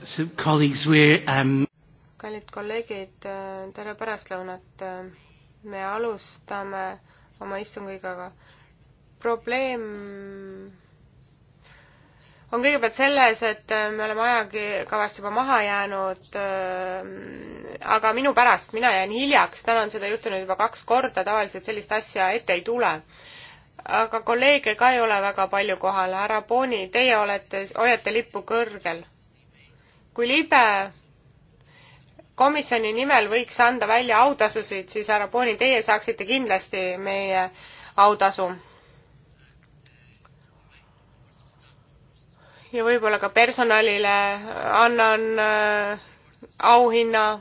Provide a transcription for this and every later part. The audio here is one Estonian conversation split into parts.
Um, kallid kolleegid, tere pärastlõunat. me alustame oma istungiga, aga probleem on kõigepealt selles, et me oleme ajakavast juba maha jäänud, aga minu pärast, mina jään hiljaks, täna on seda juhtunud juba kaks korda, tavaliselt sellist asja ette ei tule. aga kolleege ka ei ole väga palju kohal, härra Booni, teie olete, hoiate lippu kõrgel kui libe komisjoni nimel võiks anda välja autasusid, siis härra Pooni, teie saaksite kindlasti meie autasu. ja võib-olla ka personalile annan äh, auhinna,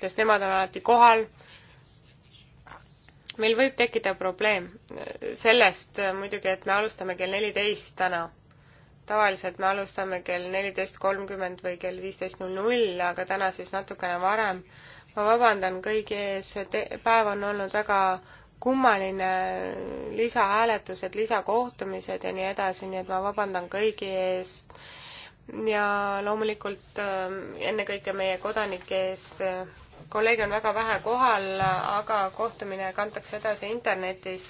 sest nemad on alati kohal. meil võib tekkida probleem äh, sellest äh, muidugi, et me alustame kell neliteist täna tavaliselt me alustame kell neliteist kolmkümmend või kell viisteist null null, aga täna siis natukene varem. ma vabandan kõigi ees, päev on olnud väga kummaline, lisahääletused, lisakohtumised ja nii edasi, nii et ma vabandan kõigi ees ja loomulikult ähm, ennekõike meie kodanike eest. Äh, kolleege on väga vähe kohal, aga kohtumine kantakse edasi internetis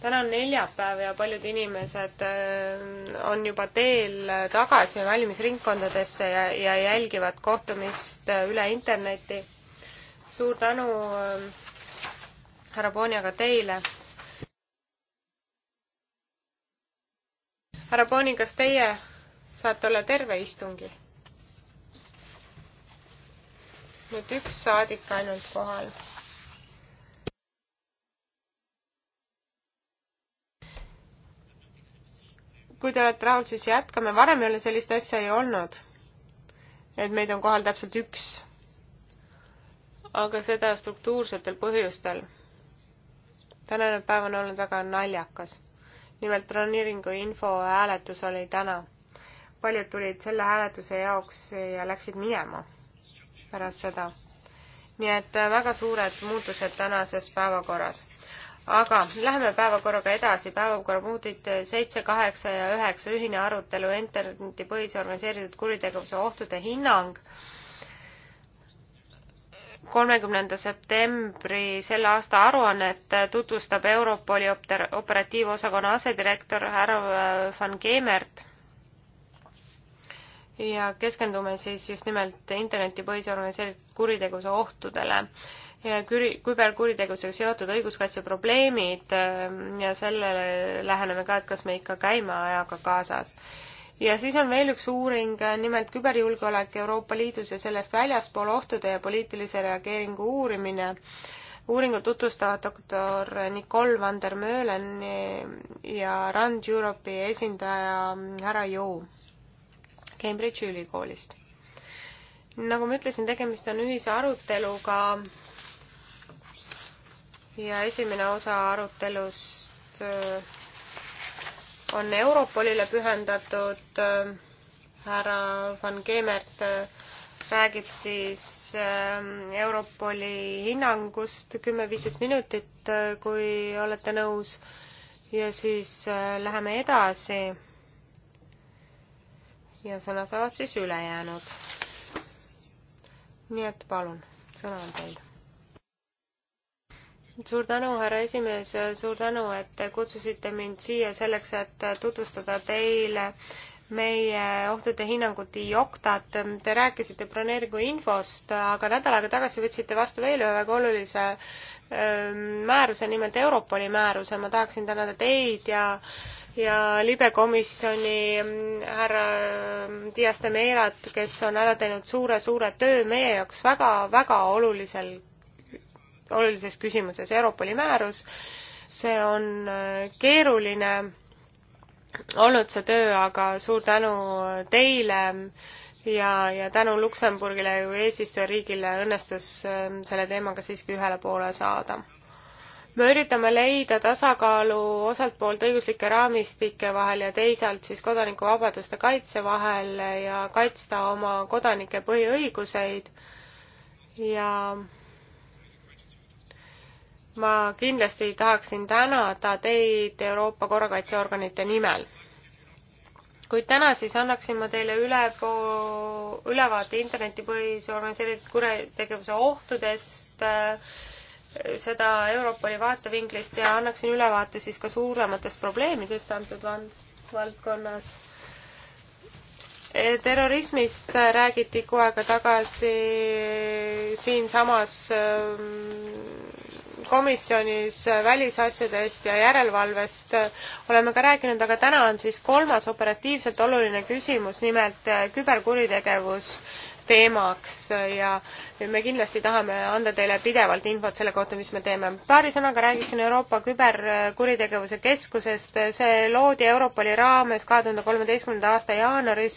täna on neljapäev ja paljud inimesed äh, on juba teel tagasi valimisringkondadesse ja, ja jälgivad kohtumist äh, üle interneti. suur tänu, äh, härra Bonia, ka teile. härra Boni, kas teie saate olla terve istungil? nüüd üks saadik ainult kohal kui te olete rahul, siis jätkame, varem ei ole sellist asja ei olnud. et meid on kohal täpselt üks. aga seda struktuursetel põhjustel. tänane päev on olnud väga naljakas. nimelt broneeringu info hääletus oli täna. paljud tulid selle hääletuse jaoks ja läksid minema pärast seda nii et väga suured muutused tänases päevakorras aga läheme päevakorraga edasi, päevakorrapunktid eh, seitse, kaheksa ja üheksa, ühine arutelu internetipõhise organiseeritud kuritegevuse ohtude hinnang. kolmekümnenda septembri selle aasta aruannet tutvustab Europoli operatiivosakonna asedirektor härra äh, Van Keemert ja keskendume siis just nimelt internetipõhise organiseeritud kuritegevuse ohtudele küberkuritegevusega seotud õiguskaitse probleemid ähm, ja sellele läheneme ka, et kas me ikka käime ajaga kaasas. ja siis on veel üks uuring, nimelt küberjulgeolek Euroopa Liidus ja sellest väljaspool ohtude ja poliitilise reageeringu uurimine. uuringut tutvustavad doktor Nicole van der Möhlen ja Rand Europe'i esindaja härra Jou Cambridge'i ülikoolist nagu ma ütlesin, tegemist on ühise aruteluga ja esimene osa arutelust äh, on Europolile pühendatud. Äh, härra Van Keemert äh, räägib siis Europoli hinnangust kümme-viisteist minutit, kui olete nõus. ja siis läheme edasi. ja sõna saavad siis ülejäänud. nii et palun, sõna on teil suur tänu, härra esimees, suur tänu, et te kutsusite mind siia selleks, et tutvustada teile meie ohtude hinnangut IOKTA-t. Te rääkisite broneeringu infost, aga nädal aega tagasi võtsite vastu veel ühe väga olulise ähm, määruse, nimelt Europoli määruse. ma tahaksin tänada teid ja ja libekomisjoni ähm, härra ähm, Dias de Meirat, kes on ära teinud suure-suure töö meie jaoks väga-väga olulisel olulises küsimuses, Europoli määrus. see on äh, keeruline olnud see töö, aga suur tänu teile ja, ja tänu Luksemburgile ju eesistujariigile õnnestus äh, selle teemaga siiski ühele poole saada me üritame leida tasakaalu osalt poolt õiguslike raamistike vahel ja teisalt siis kodanikuvabaduste kaitse vahel ja kaitsta oma kodanike põhiõiguseid ja ma kindlasti tahaksin tänada teid Euroopa korrakaitseorganite nimel. kuid täna siis annaksin ma teile üle po-, ülevaate internetipõhise organiseeritud kuritegevuse ohtudest äh,, seda Europoli vaatevinklist ja annaksin ülevaate siis ka suurematest probleemidest antud van-, valdkonnas. Äh, terrorismist räägiti kuu aega tagasi siinsamas äh, komisjonis äh, välisasjadest ja järelevalvest äh, oleme ka rääkinud, aga täna on siis kolmas operatiivselt oluline küsimus, nimelt äh, küberkuritegevus teemaks ja me kindlasti tahame anda teile pidevalt infot selle kohta, mis me teeme. paari sõnaga räägiksin Euroopa Küberkuritegevuse Keskusest. see loodi Europoli raames kahe tuhande kolmeteistkümnenda aasta jaanuaris.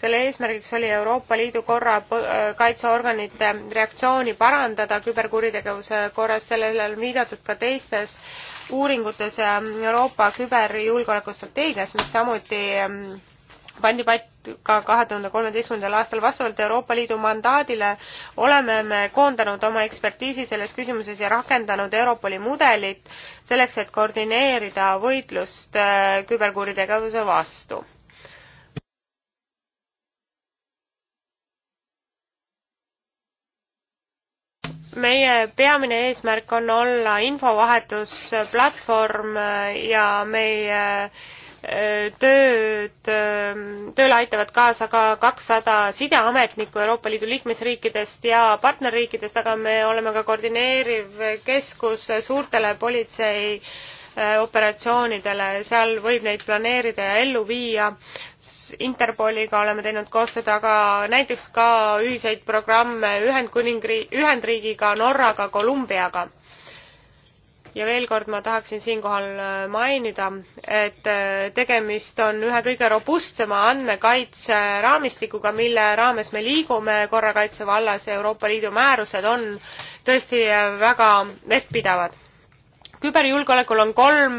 selle eesmärgiks oli Euroopa Liidu korrakaitseorganite äh, reaktsiooni parandada küberkuritegevuse korras. sellele on viidatud ka teistes uuringutes Euroopa küberjulgeoleku strateegias, mis samuti ähm, pandi paika kahe tuhande kolmeteistkümnendal aastal. vastavalt Euroopa Liidu mandaadile oleme me koondanud oma ekspertiisi selles küsimuses ja rakendanud Europoli mudelit selleks, et koordineerida võitlust äh, küberkuritegevuse vastu. meie peamine eesmärk on olla infovahetusplatvorm äh, ja meie äh, tööd, ähm, tööle aitavad kaasa ka kakssada sideametnikku Euroopa Liidu liikmesriikidest ja partnerriikidest, aga me oleme ka koordineeriv keskus suurtele politsei äh, operatsioonidele, seal võib neid planeerida ja ellu viia. Interpoliga oleme teinud koostööd, aga näiteks ka ühiseid programme Ühendkuningriigi, Ühendriigiga, Norraga, Kolumbiaga ja veel kord ma tahaksin siinkohal äh, mainida, et äh, tegemist on ühe kõige robustsema andmekaitseraamistikuga, mille raames me liigume korrakaitse vallas ja Euroopa Liidu määrused on tõesti äh, väga vettpidavad. küberjulgeolekul on kolm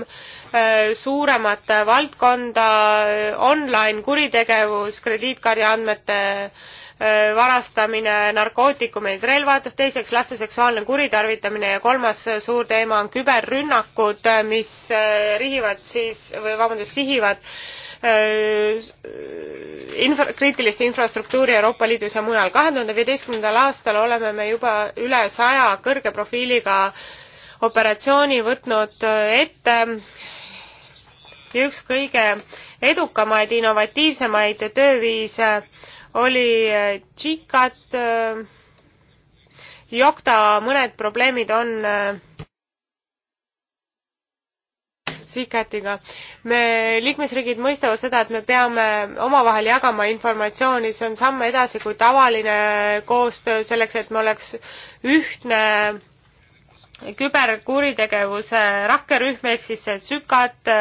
suuremat valdkonda, online kuritegevus, krediitkaardi andmete Äh, varastamine, narkootikumid, relvad, teiseks laste seksuaalne kuritarvitamine ja kolmas äh, suur teema on küberrünnakud, äh, mis rihivad siis või vabandust, sihivad infra-, kriitilist infrastruktuuri Euroopa Liidus ja mujal. kahe tuhande viieteistkümnendal aastal oleme me juba üle saja kõrge profiiliga operatsiooni võtnud ette ja üks kõige edukamaid, innovatiivsemaid tööviise äh, oli äh, Tšikat, äh, Jokta mõned probleemid on äh, Tsikatiga. me, liikmesriigid mõistavad seda, et me peame omavahel jagama informatsiooni, see on samm edasi kui tavaline koostöö selleks, et me oleks ühtne küberkuritegevuse rakkerühm ehk siis see SÜKAT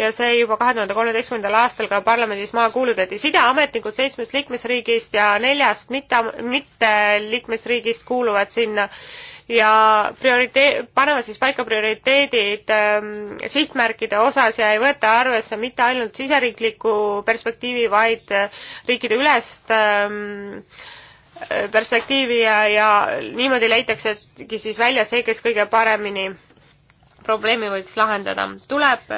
ja see juba kahe tuhande kolmeteistkümnendal aastal ka parlamendis maha kuulutati. sideametnikud seitsmest liikmesriigist ja neljast mitte, mitte liikmesriigist kuuluvad sinna ja prioriteet, paneme siis paika prioriteedid ähm, sihtmärkide osas ja ei võeta arvesse mitte ainult siseriiklikku perspektiivi, vaid riikide ülest ähm, perspektiivi ja, ja niimoodi leitaksegi siis välja see, kes kõige paremini probleemi võiks lahendada. tuleb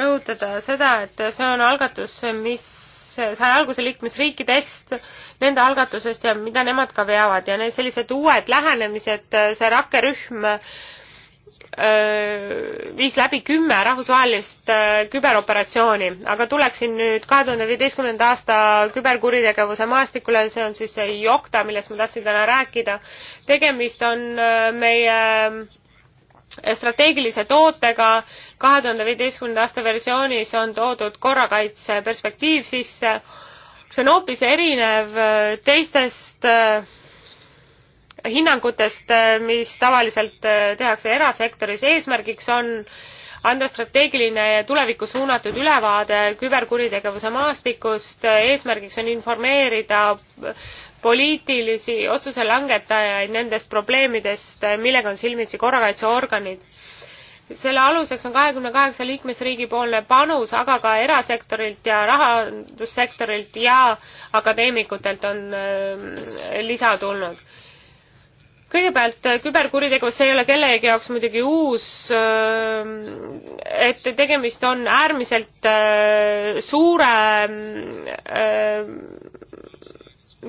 rõhutada seda, et see on algatus, mis sai alguse liikmesriikidest, nende algatusest ja mida nemad ka veavad ja need sellised uued lähenemised, see rakkerühm äh, Äh, viis läbi kümme rahvusvahelist äh, küberoperatsiooni, aga tuleksin nüüd kahe tuhande viieteistkümnenda aasta küberkuritegevuse maastikule, see on siis see Jokta, millest ma tahtsin täna rääkida. tegemist on äh, meie strateegilise tootega, kahe tuhande viieteistkümnenda aasta versioonis on toodud korrakaitse perspektiiv sisse, see on hoopis erinev teistest äh, hinnangutest, eh, mis tavaliselt eh, tehakse erasektoris, eesmärgiks on anda strateegiline ja tulevikku suunatud ülevaade küberkuritegevuse maastikust, eesmärgiks on informeerida poliitilisi otsuse langetajaid nendest probleemidest, millega on silmitsi korrakaitseorganid. selle aluseks on kahekümne kaheksa liikmesriigi poolne panus, aga ka erasektorilt ja rahandussektorilt ja akadeemikutelt on eh, lisa tulnud kõigepealt äh, küberkuritegevus ei ole kellegi jaoks muidugi uus, äh, et tegemist on äärmiselt äh, suure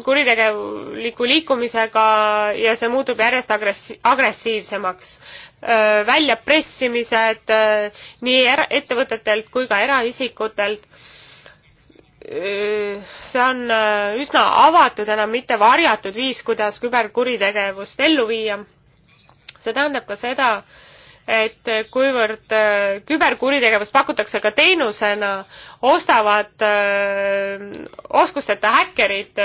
kuritegeliku liikumisega ja see muutub järjest agressi-, agressiivsemaks. väljapressimised nii era-, ettevõtetelt kui ka eraisikutelt Äh, see on äh, üsna avatud, enam mitte varjatud viis, kuidas küberkuritegevust ellu viia. see tähendab ka seda, et kuivõrd äh, küberkuritegevust pakutakse ka teenusena, ostavad öö, oskusteta häkkerid,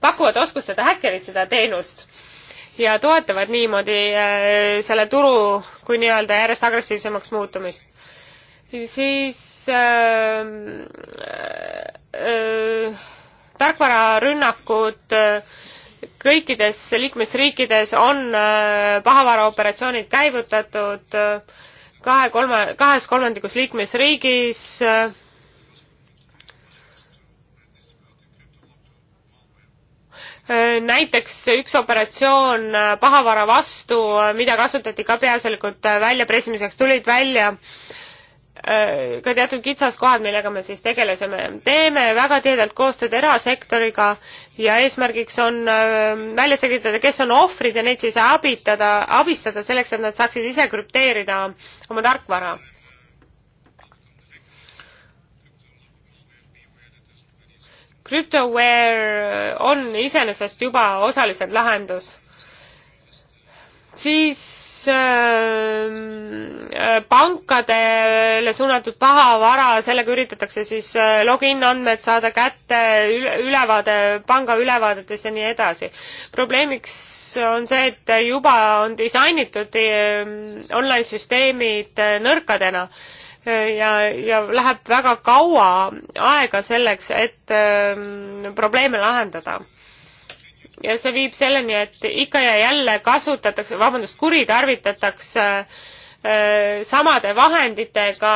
pakuvad oskusteta häkkerid seda teenust ja toetavad niimoodi öö, selle turu kui nii-öelda järjest agressiivsemaks muutumist siis äh, tarkvararünnakud äh, kõikides liikmesriikides on äh, pahavaraoperatsioonid käivutatud äh, kahe kolme, kahes kolmandikus liikmesriigis näiteks üks operatsioon pahavara vastu, mida kasutati ka peaasjalikult väljapressimiseks, tulid välja äh, Äh, ka teatud kitsaskohad, millega me siis tegelesime. teeme väga tihedalt koostööd erasektoriga ja eesmärgiks on äh, välja selgitada, kes on ohvrid ja neid siis abitada, abistada selleks, et nad saaksid ise krüpteerida oma tarkvara. CryptoWare on iseenesest juba osaliselt lahendus. siis Ähm, äh, pankadele suunatud pahavara, sellega üritatakse siis äh, login andmed saada kätte, ülevaade, panga ülevaadetest ja nii edasi. probleemiks on see, et juba on disainitud ähm, online süsteemid äh, nõrkadena ja, ja läheb väga kaua aega selleks, et ähm, probleeme lahendada ja see viib selleni, et ikka ja jälle kasutatakse, vabandust, kuritarvitatakse äh, samade vahenditega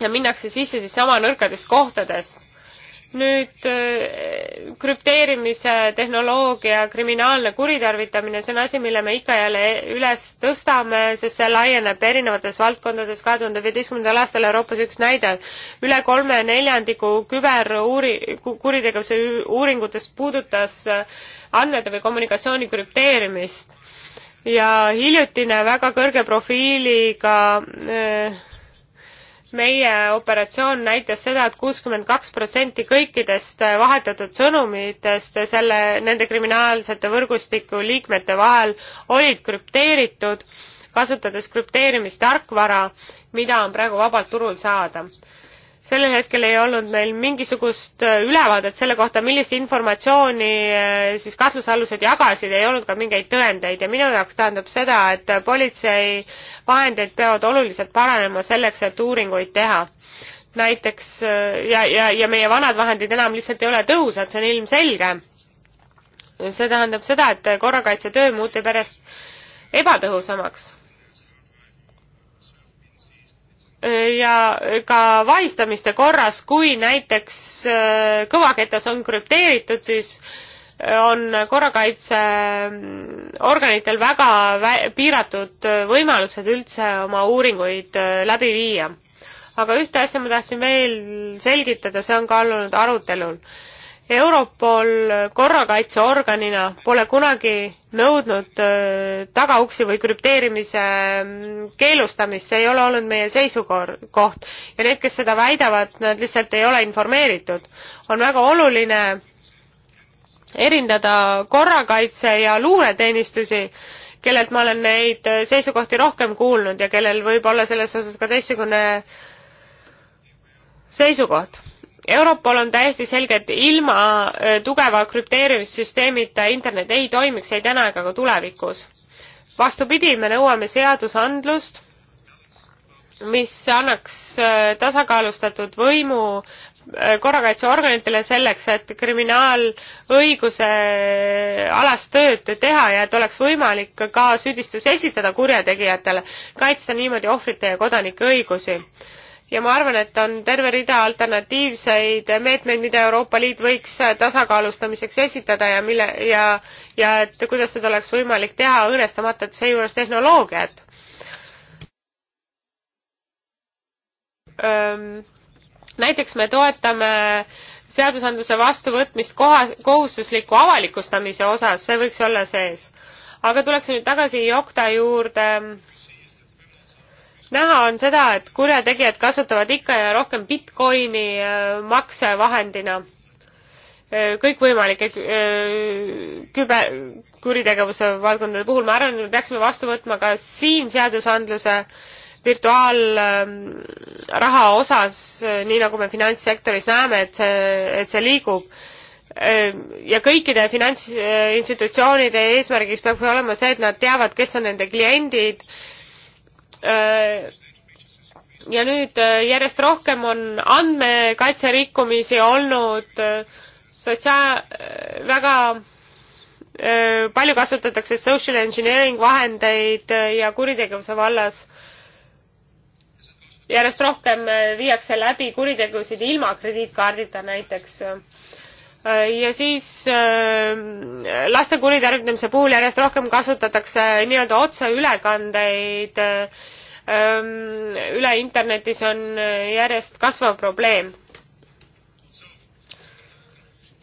ja minnakse sisse siis sama nõrkadest kohtadest nüüd eh, krüpteerimise tehnoloogia kriminaalne kuritarvitamine, see on asi, mille me ikka jälle üles tõstame, sest see laieneb erinevates valdkondades. kahe tuhande viieteistkümnendal aastal Euroopas üks näide, üle kolme neljandiku küberuuri-, kuritegevuse uuringutest puudutas eh, andmete või kommunikatsiooni krüpteerimist ja hiljutine väga kõrge profiiliga äh, meie operatsioon näitas seda et, et kuuskümmend kaks protsenti kõikidest vahetatud sõnumitest selle, nende kriminaalsete võrgustiku liikmete vahel olid krüpteeritud, kasutades krüpteerimistarkvara, mida on praegu vabalt turul saada sellel hetkel ei olnud meil mingisugust äh, ülevaadet selle kohta, millist informatsiooni äh, siis kahtlusalused jagasid, ei olnud ka mingeid tõendeid ja minu jaoks tähendab seda, et politsei vahendeid peavad oluliselt paranema selleks, et uuringuid teha näiteks äh, ja, ja, ja meie vanad vahendid enam lihtsalt ei ole tõhusad, see on ilmselge. see tähendab seda, et korrakaitsetöö muutub järjest ebatõhusamaks ja ka vahistamiste korras, kui näiteks äh, kõvaketas on krüpteeritud, siis äh, on korrakaitseorganitel mm, väga vä piiratud äh, võimalused üldse oma uuringuid läbi viia. aga ühte asja ma tahtsin veel selgitada, see on ka olnud arutelul Europol korrakaitseorganina pole kunagi nõudnud äh, tagauksi või krüpteerimise mm, keelustamist, see ei ole olnud meie seisukoht ja need, kes seda väidavad, nad lihtsalt ei ole informeeritud. on väga oluline erindada korrakaitse ja luureteenistusi, kellelt ma olen neid äh, seisukohti rohkem kuulnud ja kellel võib olla selles osas ka teistsugune seisukoht Europol on täiesti selge, et ilma tugeva krüpteerimissüsteemita internet ei toimiks ei täna ega ka tulevikus. vastupidi, me nõuame seadusandlust, mis annaks tasakaalustatud võimu korrakaitseorganitele selleks, et kriminaalõiguse alast tööd teha ja et oleks võimalik ka süüdistus esitada kurjategijatele, kaitsta niimoodi ohvrite ja kodanike õigusi ja ma arvan, et on terve rida alternatiivseid meetmeid, mida Euroopa Liit võiks tasakaalustamiseks esitada ja mille ja, ja et kuidas seda oleks võimalik teha, õõnestamata seejuures tehnoloogiat. näiteks me toetame seadusandluse vastuvõtmist koha, kohustusliku avalikustamise osas, see võiks olla sees. aga tuleks nüüd tagasi Jokta juurde näha on seda, et kurjategijad kasutavad ikka ja rohkem Bitcoini äh, maksevahendina äh, kõikvõimalike äh, küber, kuritegevuse valdkondade puhul, ma arvan, et me peaksime vastu võtma ka siin seadusandluse virtuaalraha osas, nii nagu me finantssektoris näeme, et see, et see liigub. ja kõikide finantsinstitutsioonide eesmärgiks peab olema see, et nad teavad, kes on nende kliendid Äh, ja nüüd äh, järjest rohkem on andmekaitserikkumisi olnud sotsiaal, äh, väga palju kasutatakse social engineering vahendeid ja kuritegevuse vallas järjest rohkem viiakse läbi kuritegusid ilma krediitkaardita näiteks. ja siis laste kuritarvitamise puhul järjest rohkem kasutatakse nii-öelda otseülekandeid üle internetis on järjest kasvav probleem.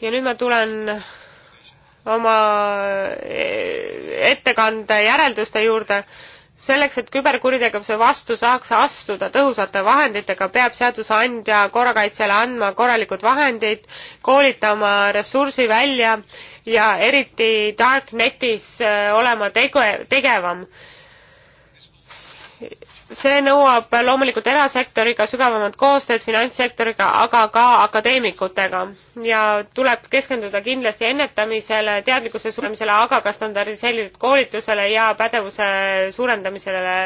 ja nüüd ma tulen oma e, ettekande järelduste juurde. selleks, et küberkuritegevuse vastu saaks astuda tõhusate vahenditega, peab seadusandja korrakaitsjale andma korralikud vahendid, koolitama ressursi välja ja eriti Darknetis e, olema tege-, tegevam see nõuab loomulikult erasektoriga sügavamat koostööd finantssektoriga, aga ka akadeemikutega ja tuleb keskenduda kindlasti ennetamisele, teadlikkuse suurendamisele, aga ka standardiseeritud koolitusele ja pädevuse suurendamisele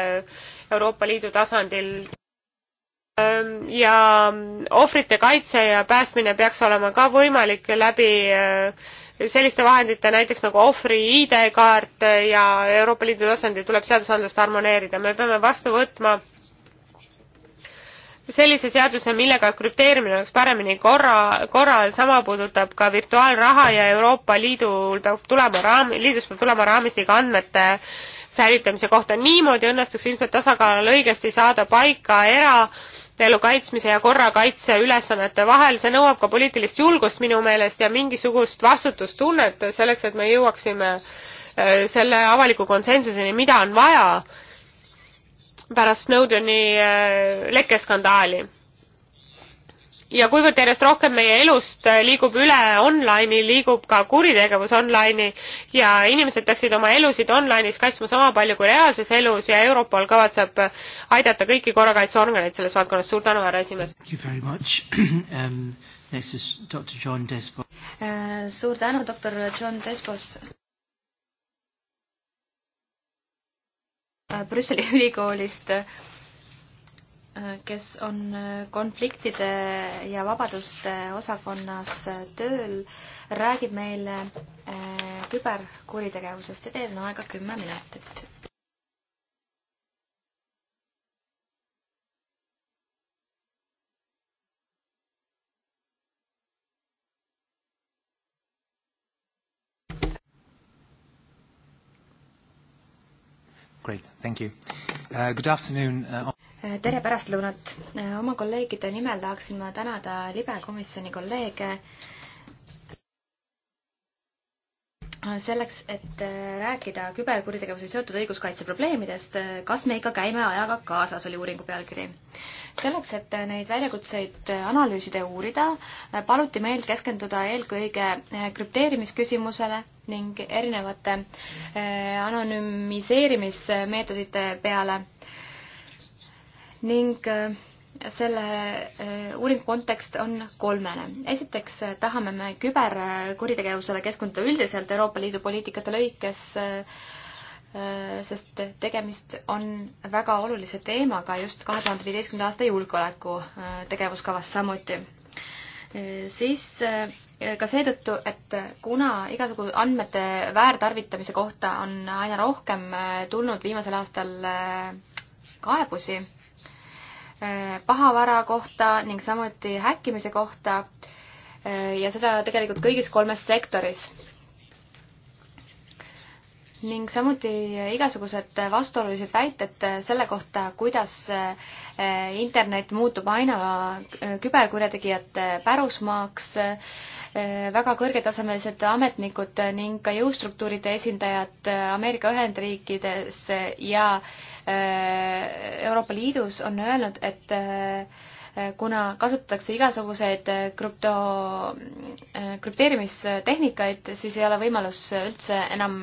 Euroopa Liidu tasandil. Ehm, ja ohvrite kaitse ja päästmine peaks olema ka võimalik läbi ehm, selliste vahendite näiteks nagu ohvri ID-kaart ja Euroopa Liidu tasandil tuleb seadusandlust harmoneerida. me peame vastu võtma sellise seaduse, millega krüpteerimine oleks paremini korra, korral, sama puudutab ka virtuaalraha ja Euroopa Liidul peab tulema raam, liidus peab tulema raamistik andmete säilitamise kohta. niimoodi õnnestuks ilmselt tasakaal õigesti saada paika era- elu kaitsmise ja korrakaitse ülesannete vahel, see nõuab ka poliitilist julgust minu meelest ja mingisugust vastutustunnet selleks, et me jõuaksime äh, selle avaliku konsensuseni, mida on vaja pärast Snowdeni äh, lekkeskandaali ja kuivõrd järjest rohkem meie elust äh, liigub üle online'i, liigub ka kuritegevus online'i ja inimesed peaksid oma elusid online'is kaitsma sama palju kui reaalses elus ja Europol kavatseb äh, aidata kõiki korrakaitseorganeid selles valdkonnas. suur tänu, härra esimees! Um, äh, suur tänu, doktor John Despos! Brüsseli ülikoolist Äh, kes on äh, konfliktide ja vabaduste osakonnas äh, tööl, räägib meile küberkuritegevusest ja teil on aega kümme minutit. Great. Thank you. Uh, good afternoon. Uh, tere pärastlõunat! oma kolleegide nimel tahaksin ma tänada libe komisjoni kolleege selleks, et rääkida küberkuritegevusega seotud õiguskaitse probleemidest, kas me ikka käime ajaga kaasas, oli uuringu pealkiri. selleks, et neid väljakutseid analüüsida ja uurida, paluti meil keskenduda eelkõige krüpteerimisküsimusele ning erinevate eh, anonüümiseerimismeetodite peale ning äh, selle äh, uuringu kontekst on kolmene. esiteks äh, tahame me küberkuritegevusele keskenduda üldiselt Euroopa Liidu poliitikate lõikes, sest tegemist on väga olulise teemaga just kahe tuhande viieteistkümnenda aasta julgeoleku tegevuskavas samuti. siis ka seetõttu, et kuna igasugu andmete väärtarvitamise kohta on aina rohkem tulnud viimasel aastal kaebusi, Äh, pahavara kohta ning samuti häkkimise kohta äh, ja seda tegelikult kõigis kolmes sektoris. ning samuti igasugused vastuolulised väited selle kohta, kuidas äh, internet muutub aina küberkurjategijate pärusmaaks Äh, väga kõrgetasemelised ametnikud ning ka jõustruktuuride esindajad äh, Ameerika Ühendriikides äh, ja Euroopa Liidus on öelnud, et kuna kasutatakse igasuguseid krüpto, krüpteerimistehnikaid, siis ei ole võimalus üldse enam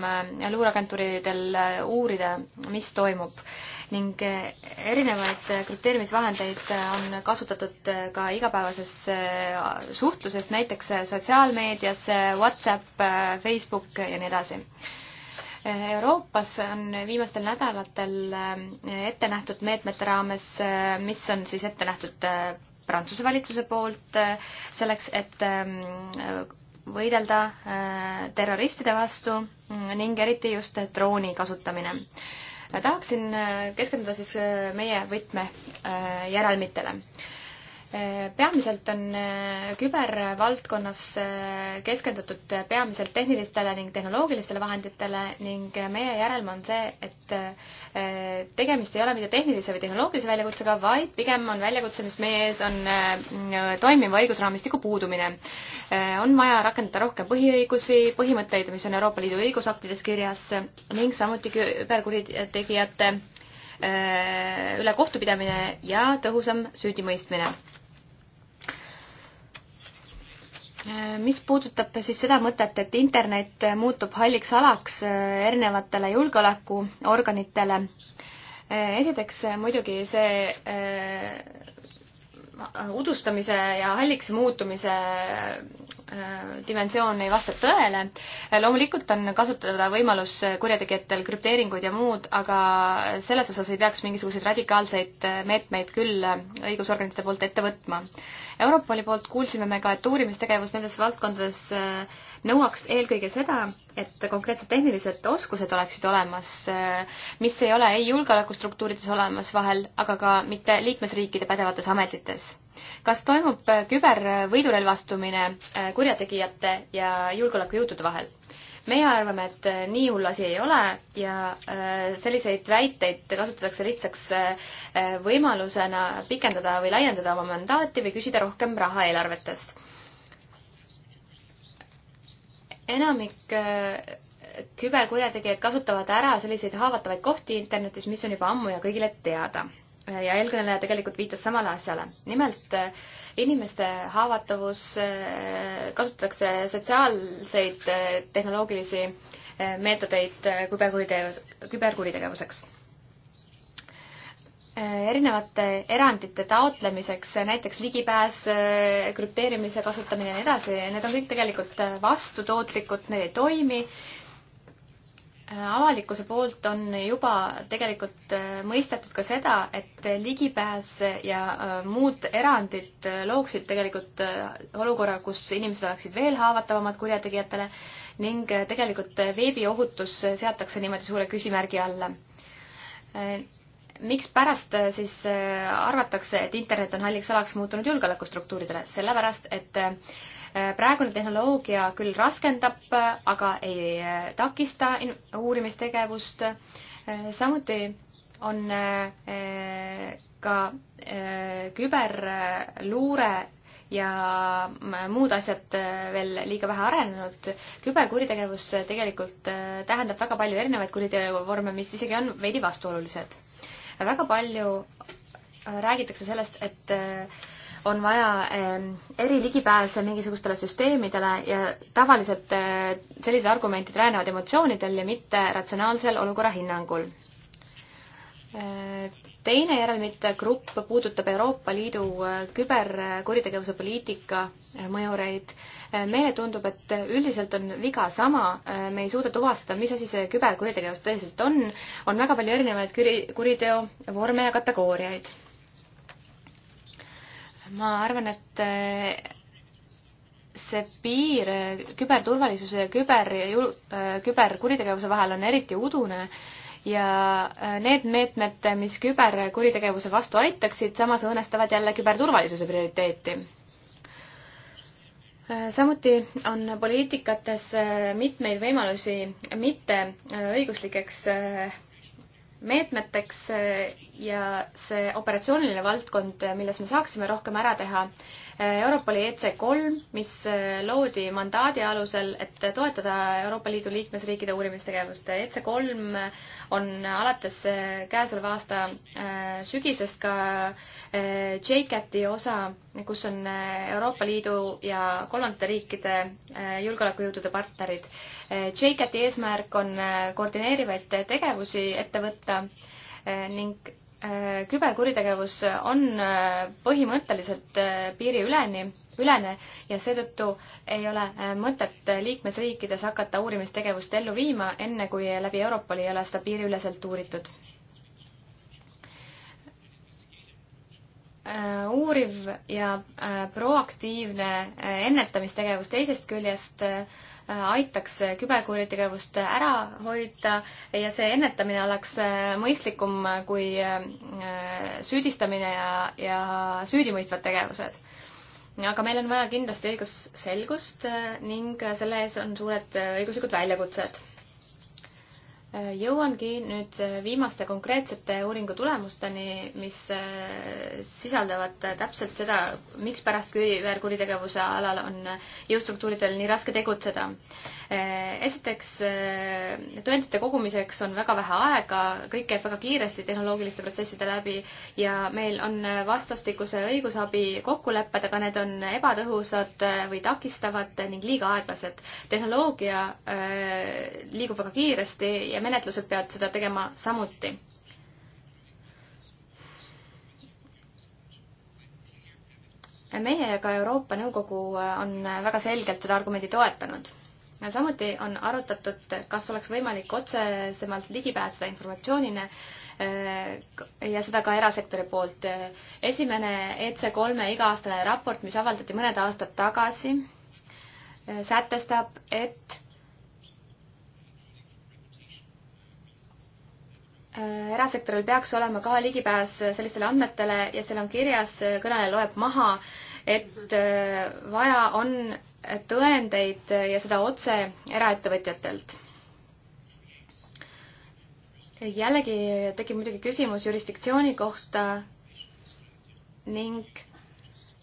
luureagentuuridel uurida, mis toimub ning eh, erinevaid eh, krüpteerimisvahendeid eh, on kasutatud ka igapäevases suhtluses, näiteks sotsiaalmeedias, Whatsapp, Facebook ja nii edasi. Euroopas on viimastel nädalatel ette nähtud meetmete raames, mis on siis ette nähtud Prantsuse valitsuse poolt selleks, et võidelda terroristide vastu mm, ning eriti just drooni kasutamine tahaksin äh, keskenduda siis äh, meie võtme järelmitele peamiselt on äh, kübervaldkonnas äh, keskendutud peamiselt tehnilistele ning tehnoloogilistele vahenditele ning äh, meie järelm on see, et tegemist ei ole mitte tehnilise või tehnoloogilise väljakutsega, vaid pigem on väljakutse, mis meie ees on toimiva õigusraamistiku puudumine. on vaja rakendada rohkem põhiõigusi, põhimõtteid, mis on Euroopa Liidu õigusaktides kirjas ning samuti küberkurjategijate Äh, üle kohtupidamine ja tõhusam süüdimõistmine. Äh, mis puudutab siis seda mõtet, et internet muutub halliks alaks äh, erinevatele julgeolekuorganitele, esiteks muidugi see Äh, udustamise ja halliks muutumise äh, dimensioon ei vasta tõele. loomulikult on kasutada võimalus kurjategijatel krüpteeringuid ja muud, aga selles osas ei peaks mingisuguseid radikaalseid meetmeid küll õigusorganite poolt ette võtma. Europoli poolt kuulsime me ka, et uurimistegevus nendes valdkondades äh, nõuaks eelkõige seda, et konkreetsed tehnilised oskused oleksid olemas, mis ei ole ei julgeolekustruktuurides olemas vahel, aga ka mitte liikmesriikide pädevates ametites. kas toimub kübervõidurelvastumine äh, kurjategijate ja julgeolekujõudude vahel? meie arvame, et äh, nii hull asi ei ole ja äh, selliseid väiteid kasutatakse lihtsaks võimalusena pikendada või laiendada oma mandaati või küsida rohkem raha eelarvetest enamik äh, küberkurjategijad kasutavad ära selliseid haavatavaid kohti internetis, mis on juba ammu ja kõigile teada. Äh, ja eelkõneleja tegelikult viitas samale asjale. nimelt äh, inimeste haavatavus, kasutatakse sotsiaalseid tehnoloogilisi meetodeid küberkuritegevus, küberkuritegevuseks Äh, erinevate erandite taotlemiseks, äh, näiteks ligipääs, äh, krüpteerimise kasutamine ja nii edasi, need on kõik tegelikult vastutootlikud, need ei toimi. avalikkuse poolt on juba tegelikult mõistetud ka seda, et ligipääs ja muud erandid looksid tegelikult olukorra, kus inimesed oleksid veel haavatavamad kurjategijatele ning tegelikult veebiohutus seatakse niimoodi suure küsimärgi alla mikspärast äh, siis äh, arvatakse, et internet on halliks alaks muutunud julgeolekustruktuuridele, sellepärast et äh, praegune tehnoloogia küll raskendab, aga ei takista uurimistegevust. samuti on ka küberluure ja muud asjad veel liiga vähe arenenud. küberkuritegevus tegelikult tähendab väga palju erinevaid kuriteovorme, mis isegi on veidi vastuolulised väga palju äh, räägitakse sellest, et äh, on vaja ähm, eriligipääse mingisugustele süsteemidele ja tavaliselt äh, sellised argumendid räänevad emotsioonidel ja mitte ratsionaalsel olukorra hinnangul teine järelmite grupp puudutab Euroopa Liidu äh, küberkuritegevuse poliitika äh, mõjureid. Äh, meile tundub, et üldiselt on viga sama, me ei suuda tuvastada, mis asi see küberkuritegevus tõeliselt on. on väga palju erinevaid küri, kuriteo vorme ja kategooriaid. ma arvan, et see piir küberturvalisuse ja küber, küberkuritegevuse vahel on eriti udune ja äh, need meetmed, mis küberkuritegevuse vastu aitaksid, samas õõnestavad jälle küberturvalisuse prioriteeti. Äh, samuti on poliitikates äh, mitmeid võimalusi mitte õiguslikeks meetmeteks ja see operatsiooniline valdkond, milles me saaksime rohkem ära teha, Euroopa oli EC kolm, mis äh, loodi mandaadi alusel, et toetada Euroopa Liidu liikmesriikide uurimistegevust. EC kolm on alates äh, käesoleva aasta äh, sügisest ka JCAT-i osa, kus on Euroopa Liidu ja kolmandate riikide julgeolekujõudude partnerid. JCAT-i eesmärk on koordineerivaid tegevusi ette võtta ning Äh, küberkuritegevus on äh, põhimõtteliselt äh, piiriüleni, ülene ja seetõttu ei ole mõtet liikmesriikides hakata uurimistegevust ellu viima, enne kui läbi Europoli ei ole seda piiriüleselt uuritud. uuriv ja proaktiivne ennetamistegevus teisest küljest äh, aitaks küberkuritegevust ära hoida ja see ennetamine oleks mõistlikum kui äh, süüdistamine ja, ja süüdimõistvad tegevused. aga meil on vaja kindlasti õigusselgust äh, ning selle ees on suured õiguslikud väljakutsed jõuangi nüüd viimaste konkreetsete uuringu tulemusteni, mis äh, sisaldavad täpselt seda, mikspärast küberkuritegevuse alal on jõustruktuuridel nii raske tegutseda. Eh, esiteks, eh, tõendite kogumiseks on väga vähe aega, kõik käib väga kiiresti tehnoloogiliste protsesside läbi ja meil on eh, vastastikuse õigusabi kokkulepped, aga need on ebatõhusad või takistavad ning liiga aeglased. tehnoloogia liigub väga kiiresti ja menetlused peavad seda tegema samuti meie ja ka Euroopa Nõukogu on väga selgelt seda argumendi toetanud samuti on arutatud, kas oleks võimalik otsesemalt ligi pääseda informatsioonile äh, ja seda ka erasektori poolt. esimene EC3-e iga-aastane raport, mis avaldati mõned aastad tagasi, äh, sätestab, et äh, erasektoril peaks olema ka ligipääs sellistele andmetele ja seal on kirjas, kõneleja loeb maha, et vaja on tõendeid ja seda otse eraettevõtjatelt. jällegi tekib muidugi küsimus jurisdiktsiooni kohta ning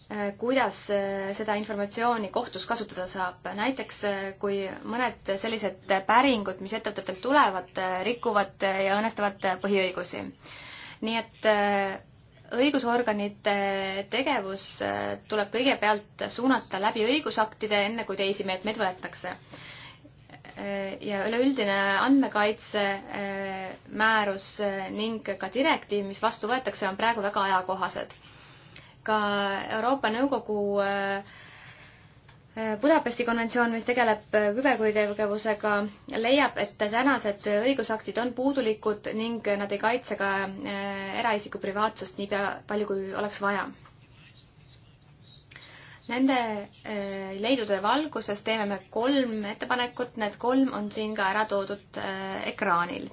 äh, kuidas äh, seda informatsiooni kohtus kasutada saab. näiteks äh, kui mõned sellised päringud, mis ettevõtetelt tulevad, rikuvad ja õõnestavad põhiõigusi. nii et õigusorganite tegevus äh, tuleb kõigepealt suunata läbi õigusaktide, enne kui teisi meetmeid võetakse. Äh, ja üleüldine andmekaitse äh, määrus ning ka direktiiv, mis vastu võetakse, on praegu väga ajakohased. ka Euroopa Nõukogu äh, Budapesti konventsioon, mis tegeleb küberkuritegevusega, leiab, et tänased õigusaktid on puudulikud ning nad ei kaitse ka äh, eraisiku privaatsust nii pea, palju kui oleks vaja. Nende äh, leidude valguses teeme me kolm ettepanekut, need kolm on siin ka ära toodud äh, ekraanil.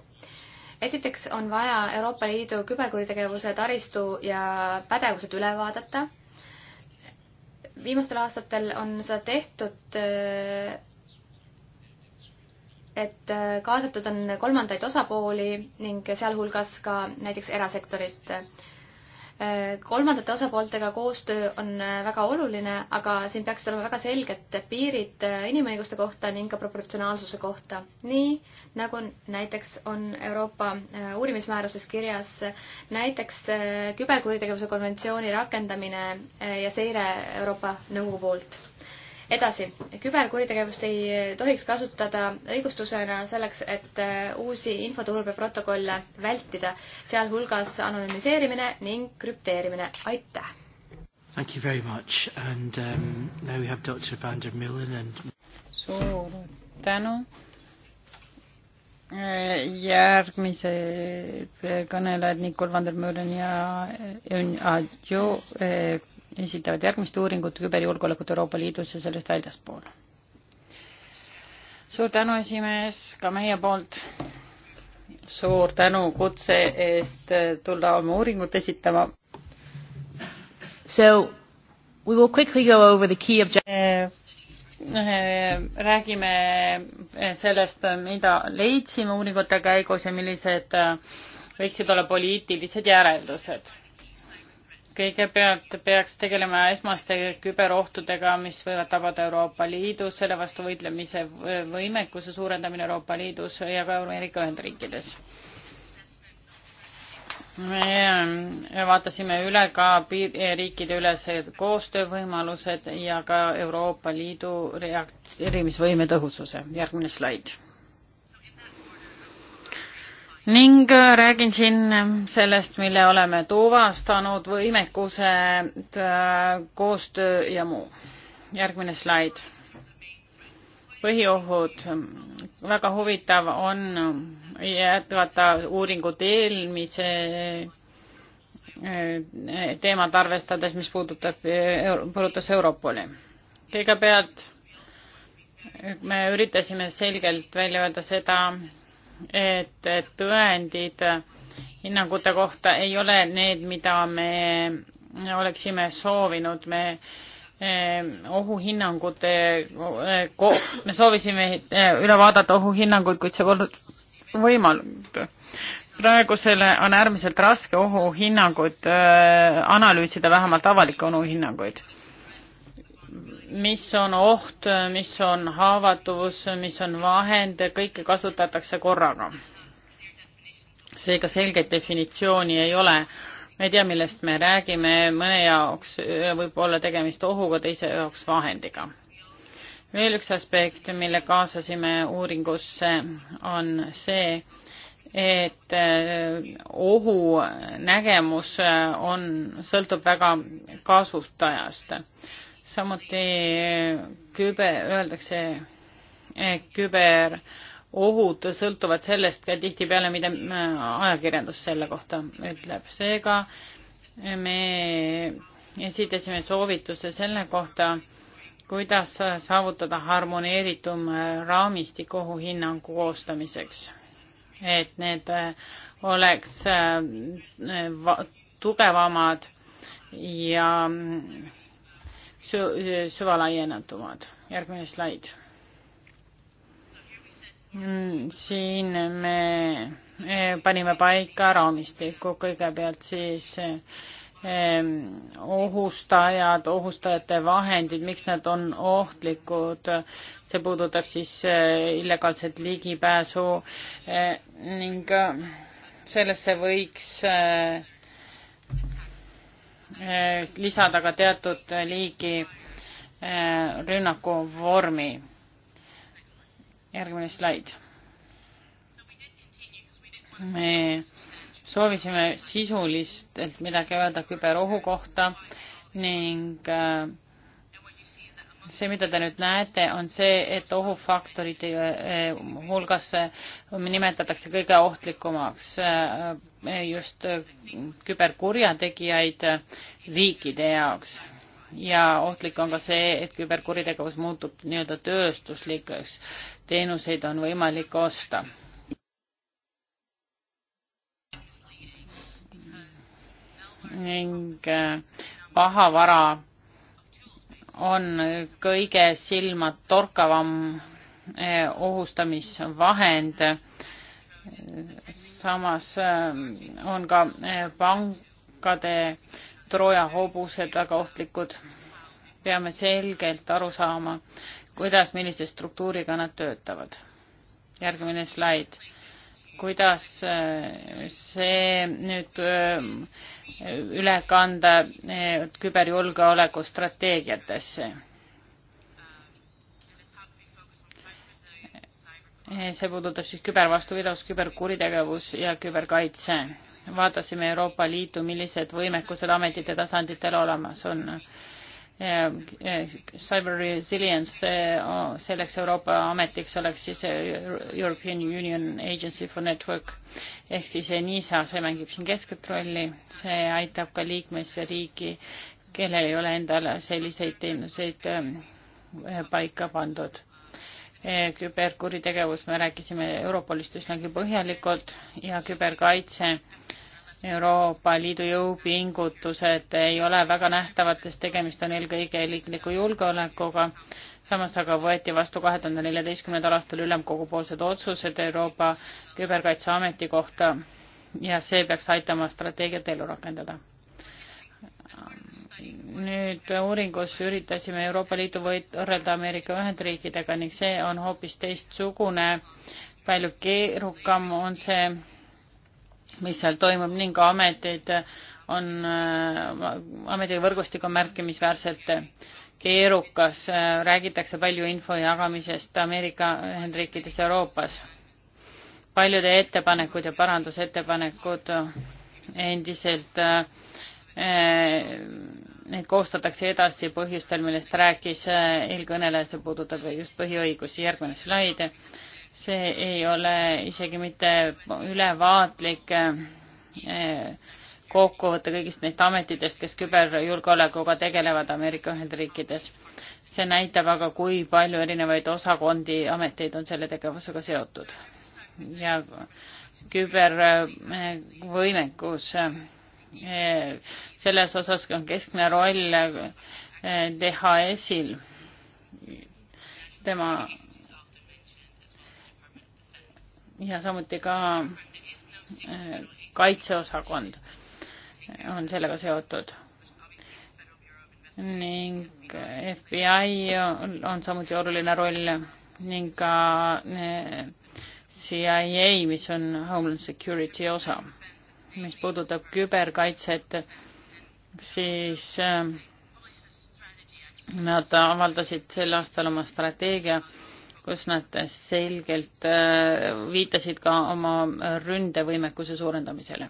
esiteks on vaja Euroopa Liidu küberkuritegevuse taristu ja pädevused üle vaadata viimastel aastatel on seda tehtud, äh, et äh, kaasatud on kolmandaid osapooli ning sealhulgas ka näiteks erasektorit kolmandate osapooltega koostöö on äh, väga oluline, aga siin peaksid olema väga selged piirid äh, inimõiguste kohta ning ka proportsionaalsuse kohta. nii nagu näiteks on Euroopa äh, uurimismääruses kirjas näiteks küberkuritegevuse konventsiooni rakendamine ja seire Euroopa Nõukogu poolt edasi, küberkuritegevust ei tohiks kasutada õigustusena selleks, et äh, uusi infoturbeprotokolle vältida, sealhulgas anonüümiseerimine ning krüpteerimine. aitäh! Thank you very much and um, now we have Dr Vander Millen and suur tänu! Äh, järgmised äh, kõnelejad Nicole Vander Müllen ja Adjo esitavad järgmist uuringut küberjulgeolekut Euroopa Liidus ja sellest väljaspool. suur tänu, esimees, ka meie poolt. suur tänu kutse eest tulla oma uuringut esitama. So we will quickly go over the key objectives eh, räägime eh, sellest, mida leidsime uuringute käigus ja millised eh, võiksid olla poliitilised järeldused kõigepealt peaks tegelema esmaste küberohtudega, mis võivad tabada Euroopa Liidu, selle vastu võitlemise võimekuse suurendamine Euroopa Liidus ja ka Ameerika Ühendriikides. me vaatasime üle ka riikideülesed koostöövõimalused ja ka Euroopa Liidu reaktseerimisvõime tõhususe. järgmine slaid ning äh, räägin siin ähm, sellest, mille oleme tuvastanud, võimekused, äh, koostöö ja muu. järgmine slaid. põhiohud. väga huvitav on äh, jätkata uuringut eelmise teemat arvestades, mis puudutab, puudutas Europoli. kõigepealt me üritasime selgelt välja öelda seda, et tõendid hinnangute kohta ei ole need, mida me oleksime soovinud, me eh, ohuhinnangute, eh, me soovisime eh, üle vaadata ohuhinnanguid, kuid see polnud võimalik. praegusele on äärmiselt raske ohuhinnanguid analüüsida, vähemalt avalikke ohuhinnanguid mis on oht, mis on haavatavus, mis on vahend, kõike kasutatakse korraga. seega selget definitsiooni ei ole. me ei tea, millest me räägime, mõne jaoks võib olla tegemist ohuga, teise jaoks vahendiga. veel üks aspekt, mille kaasasime uuringusse, on see, et eh, ohu nägemus eh, on, sõltub väga kasutajast samuti eh, küber, öeldakse eh, küberohud sõltuvad sellest ka tihtipeale, mida eh, ajakirjandus selle kohta ütleb. seega me esitasime soovituse selle kohta, kuidas saavutada harmoneeritum raamistik ohuhinnangu koostamiseks, et need oleks tugevamad ja mm, süvalaiendatumad. järgmine slaid. Mm, siin me eh, panime paika raamistiku kõigepealt siis eh, ohustajad, ohustajate vahendid, miks nad on ohtlikud, see puudutab siis eh, illegaalset ligipääsu ning sellesse võiks Eh, lisada ka teatud eh, liigi eh, rünnaku vormi. järgmine slaid. me soovisime sisuliselt midagi öelda küberohu kohta ning äh, see, mida te nüüd näete, on see, et ohufaktorite äh, äh, hulgas äh, nimetatakse kõige ohtlikumaks just küberkurjategijaid riikide jaoks ja ohtlik on ka see, et küberkuritegevus muutub nii-öelda tööstuslikuks, teenuseid on võimalik osta. ning pahavara on kõige silmatorkavam eh, ohustamisvahend. samas eh, on ka eh, pankade Trooja hobused väga ohtlikud. peame selgelt aru saama, kuidas, millise struktuuriga nad töötavad. järgmine slaid kuidas eh, see nüüd eh, üle kanda eh, küberjulgeoleku strateegiatesse. see puudutab siis kübervastupidavus, küberkuritegevus ja küberkaitse. vaatasime Euroopa Liitu, millised võimekused ametite tasanditel olemas on E, cyber Resilience e, selleks Euroopa ametiks oleks siis e, European Union Agency for Network ehk siis NISA, see mängib siin keskelt rolli, see aitab ka liikmesriigi, kellel ei ole endal selliseid teenuseid paika pandud. küberkuritegevus, me rääkisime Europolist üsnagi põhjalikult ja küberkaitse Euroopa Liidu jõupingutused ei ole väga nähtavad, sest tegemist on eelkõige liikliku julgeolekuga. samas aga võeti vastu kahe tuhande neljateistkümnendal aastal ülemkogupoolsed otsused Euroopa Küberkaitseameti kohta ja see peaks aitama strateegiat ellu rakendada. nüüd uuringus üritasime Euroopa Liitu võrrelda Ameerika Ühendriikidega ning see on hoopis teistsugune, palju keerukam on see mis seal toimub ning ametid on, ametide võrgustik on märkimisväärselt keerukas, räägitakse palju info jagamisest Ameerika Ühendriikides, Euroopas. paljude ettepanekud ja parandusettepanekud endiselt äh, neid koostatakse edasi põhjustel, millest rääkis eh, eelkõneleja, see puudutab just põhiõigusi, järgmine slaid see ei ole isegi mitte ülevaatlik eh, kokkuvõte kõigist neist ametitest, kes küberjulgeolekuga tegelevad Ameerika Ühendriikides. see näitab aga, kui palju erinevaid osakondi, ameteid on selle tegevusega seotud. ja kübervõimekus, eh, selles osas on keskne roll eh, DHS-il. tema ja samuti ka äh, kaitseosakond on sellega seotud. ning FBI on, on samuti oluline roll ning ka äh, CIA, mis on Homeland Security osa. mis puudutab küberkaitset, siis äh, nad avaldasid sel aastal oma strateegia kus nad selgelt äh, viitasid ka oma ründevõimekuse suurendamisele.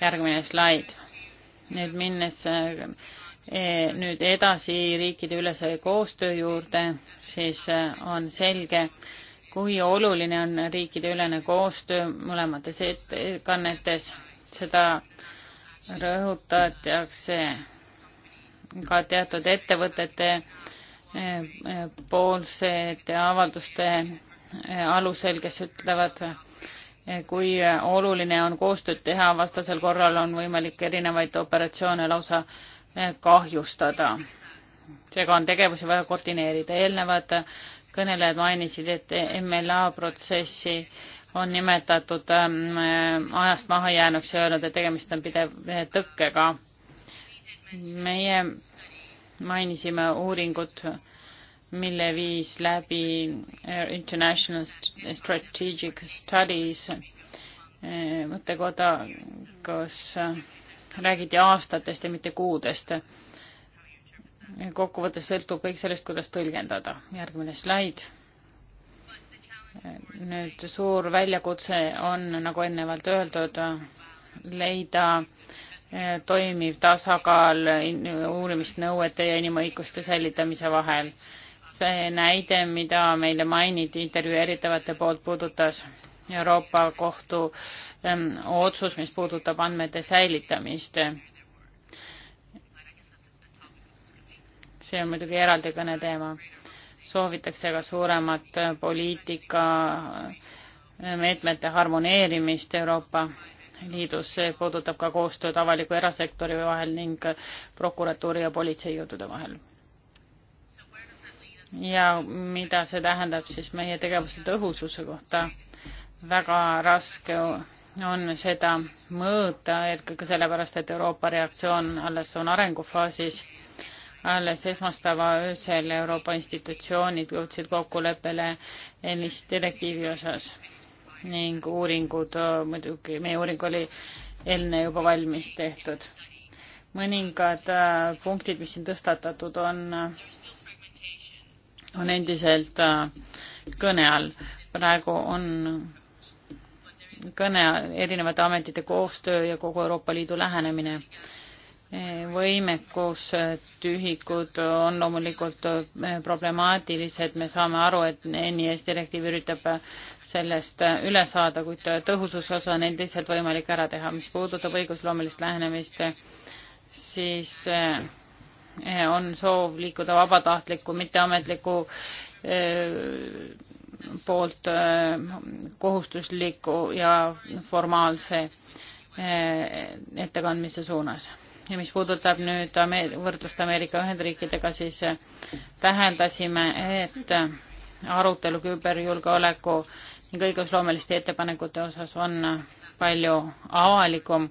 järgmine slaid. nüüd minnes äh, eh, nüüd edasi riikide ülese koostöö juurde, siis äh, on selge, kui oluline on riikideülene koostöö mõlemates ettekannetes, seda rõhutatakse ka teatud ettevõtete äh, poolsete avalduste alusel, kes ütlevad, kui oluline on koostööd teha, vastasel korral on võimalik erinevaid operatsioone lausa kahjustada. seega on tegevusi vaja koordineerida. eelnevad kõnelejad mainisid, et MLA protsessi on nimetatud ähm, ajast maha jäänuks ja öelnud, et tegemist on pidev tõkkega. meie mainisime uuringut, mille viis läbi International Strategic Studies mõttekoda, kus räägiti aastatest ja mitte kuudest. kokkuvõttes sõltub kõik sellest, kuidas tõlgendada. järgmine slaid. nüüd suur väljakutse on, nagu ennevalt öeldud, leida äh, toimiv tasakaal uurimisnõuete ja inimõiguste säilitamise vahel. see näide, mida meile mainiti intervjueeritavate poolt, puudutas Euroopa Kohtu ähm, otsus, mis puudutab andmete säilitamist. see on muidugi eraldi kõneteema. soovitakse ka suuremat poliitika äh, meetmete harmoneerimist Euroopa Liidus, see puudutab ka koostööd avaliku erasektori vahel ning prokuratuuri ja politseijõudude vahel. ja mida see tähendab siis meie tegevuste tõhususe kohta? väga raske on seda mõõta, eelkõige sellepärast, et Euroopa reaktsioon alles on arengufaasis. alles esmaspäeva öösel Euroopa institutsioonid jõudsid kokkuleppele NIS direktiivi osas ning uuringud, äh, muidugi meie uuring oli enne juba valmis tehtud. mõningad äh, punktid, mis siin tõstatatud on, on endiselt äh, kõne all. praegu on kõne erinevate ametite koostöö ja kogu Euroopa Liidu lähenemine võimekus, tühikud on loomulikult eh, problemaatilised, me saame aru, et NIS direktiiv üritab sellest eh, üle saada, kuid tõhususe osa on endiselt võimalik ära teha. mis puudutab õigusloomelist lähenemist, siis eh, on soov liikuda vabatahtliku, mitteametliku poolt kohustusliku ja formaalse ettekandmise suunas ja mis puudutab nüüd Ameer võrdlust Ameerika Ühendriikidega, siis äh, tähendasime, et äh, arutelu küberjulgeoleku ning õigusloomeliste ettepanekute osas on äh, palju avalikum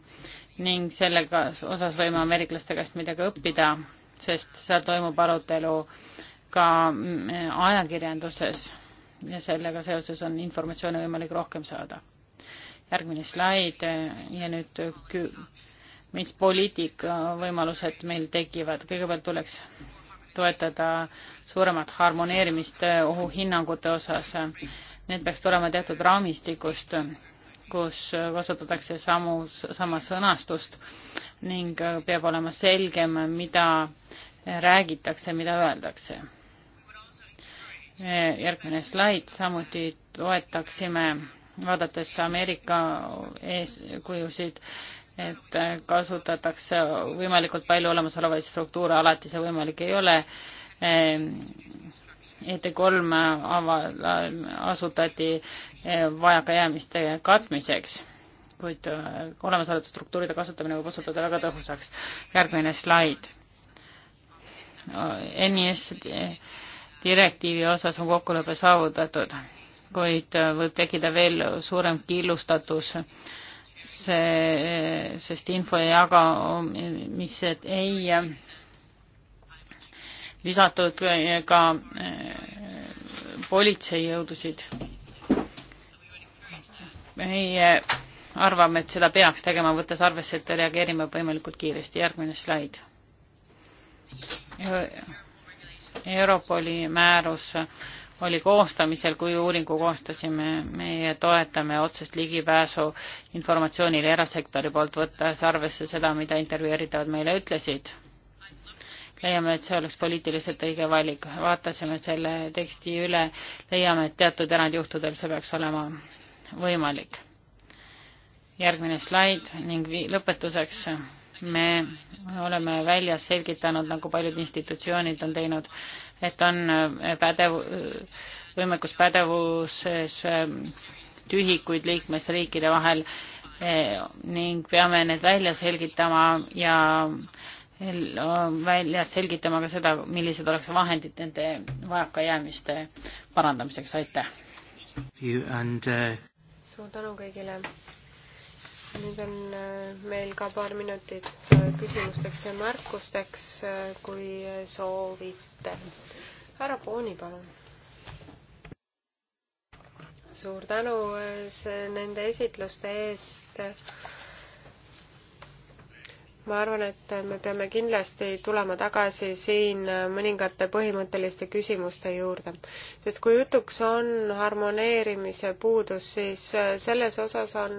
ning sellega osas võime ameeriklaste käest midagi õppida, sest seal toimub arutelu ka mm, ajakirjanduses ja sellega seoses on informatsiooni võimalik rohkem saada. järgmine slaid ja nüüd mis poliitikavõimalused meil tekivad. kõigepealt tuleks toetada suuremat harmoneerimist ohuhinnangute osas. Need peaks tulema teatud raamistikust, kus kasutatakse samu, sama sõnastust ning peab olema selgem, mida räägitakse, mida öeldakse. järgmine slaid, samuti toetaksime, vaadates Ameerika eeskujusid, et kasutatakse võimalikult palju olemasolevaid struktuure, alati see võimalik ei ole. ET3 ehm, e ava-, asutati ehm, vajakajäämiste katmiseks, kuid äh, olemasolevate struktuuride kasutamine võib osutuda väga tõhusaks. järgmine slaid. NIS direktiivi osas on kokkulepe saavutatud, kuid äh, võib tekkida veel suurem killustatus äh, see, sest info jagamise ei lisatud äh, äh, ka äh, politseijõudusid. meie arvame, et seda peaks tegema, võttes arvesse, et reageerime võimalikult kiiresti. järgmine slaid. Europoli määrus oli koostamisel, kui uuringu koostasime, meie toetame otsest ligipääsu informatsioonile erasektori poolt, võttes arvesse seda, mida intervjueeritavad meile ütlesid. leiame, et see oleks poliitiliselt õige valik, vaatasime selle teksti üle, leiame, et teatud erandjuhtudel see peaks olema võimalik. järgmine slaid ning lõpetuseks me oleme välja selgitanud, nagu paljud institutsioonid on teinud, et on äh, pädev, võimekus pädevuses ähm, tühikuid liikmesriikide vahel äh, ning peame need välja selgitama ja äh, välja selgitama ka seda, millised oleks vahendid nende vajakajäämiste parandamiseks, aitäh! Uh, suur tänu kõigile nüüd on äh, meil ka paar minutit äh, küsimusteks ja märkusteks, äh, kui soovite. härra Pooni, palun. suur tänu nende esitluste eest. ma arvan, et me peame kindlasti tulema tagasi siin mõningate põhimõtteliste küsimuste juurde, sest kui jutuks on harmoneerimise puudus, siis selles osas on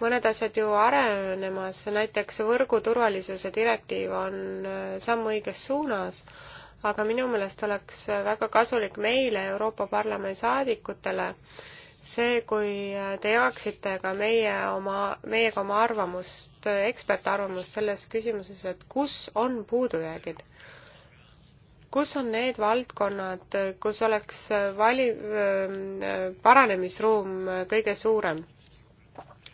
mõned asjad ju arenemas, näiteks võrguturvalisuse direktiiv on äh, samm õiges suunas, aga minu meelest oleks äh, väga kasulik meile, Euroopa Parlamendi saadikutele, see, kui äh, te jagaksite ka meie oma, meiega oma arvamust, ekspertarvamust selles küsimuses, et kus on puudujäägid. kus on need valdkonnad, kus oleks vali-, paranemisruum kõige suurem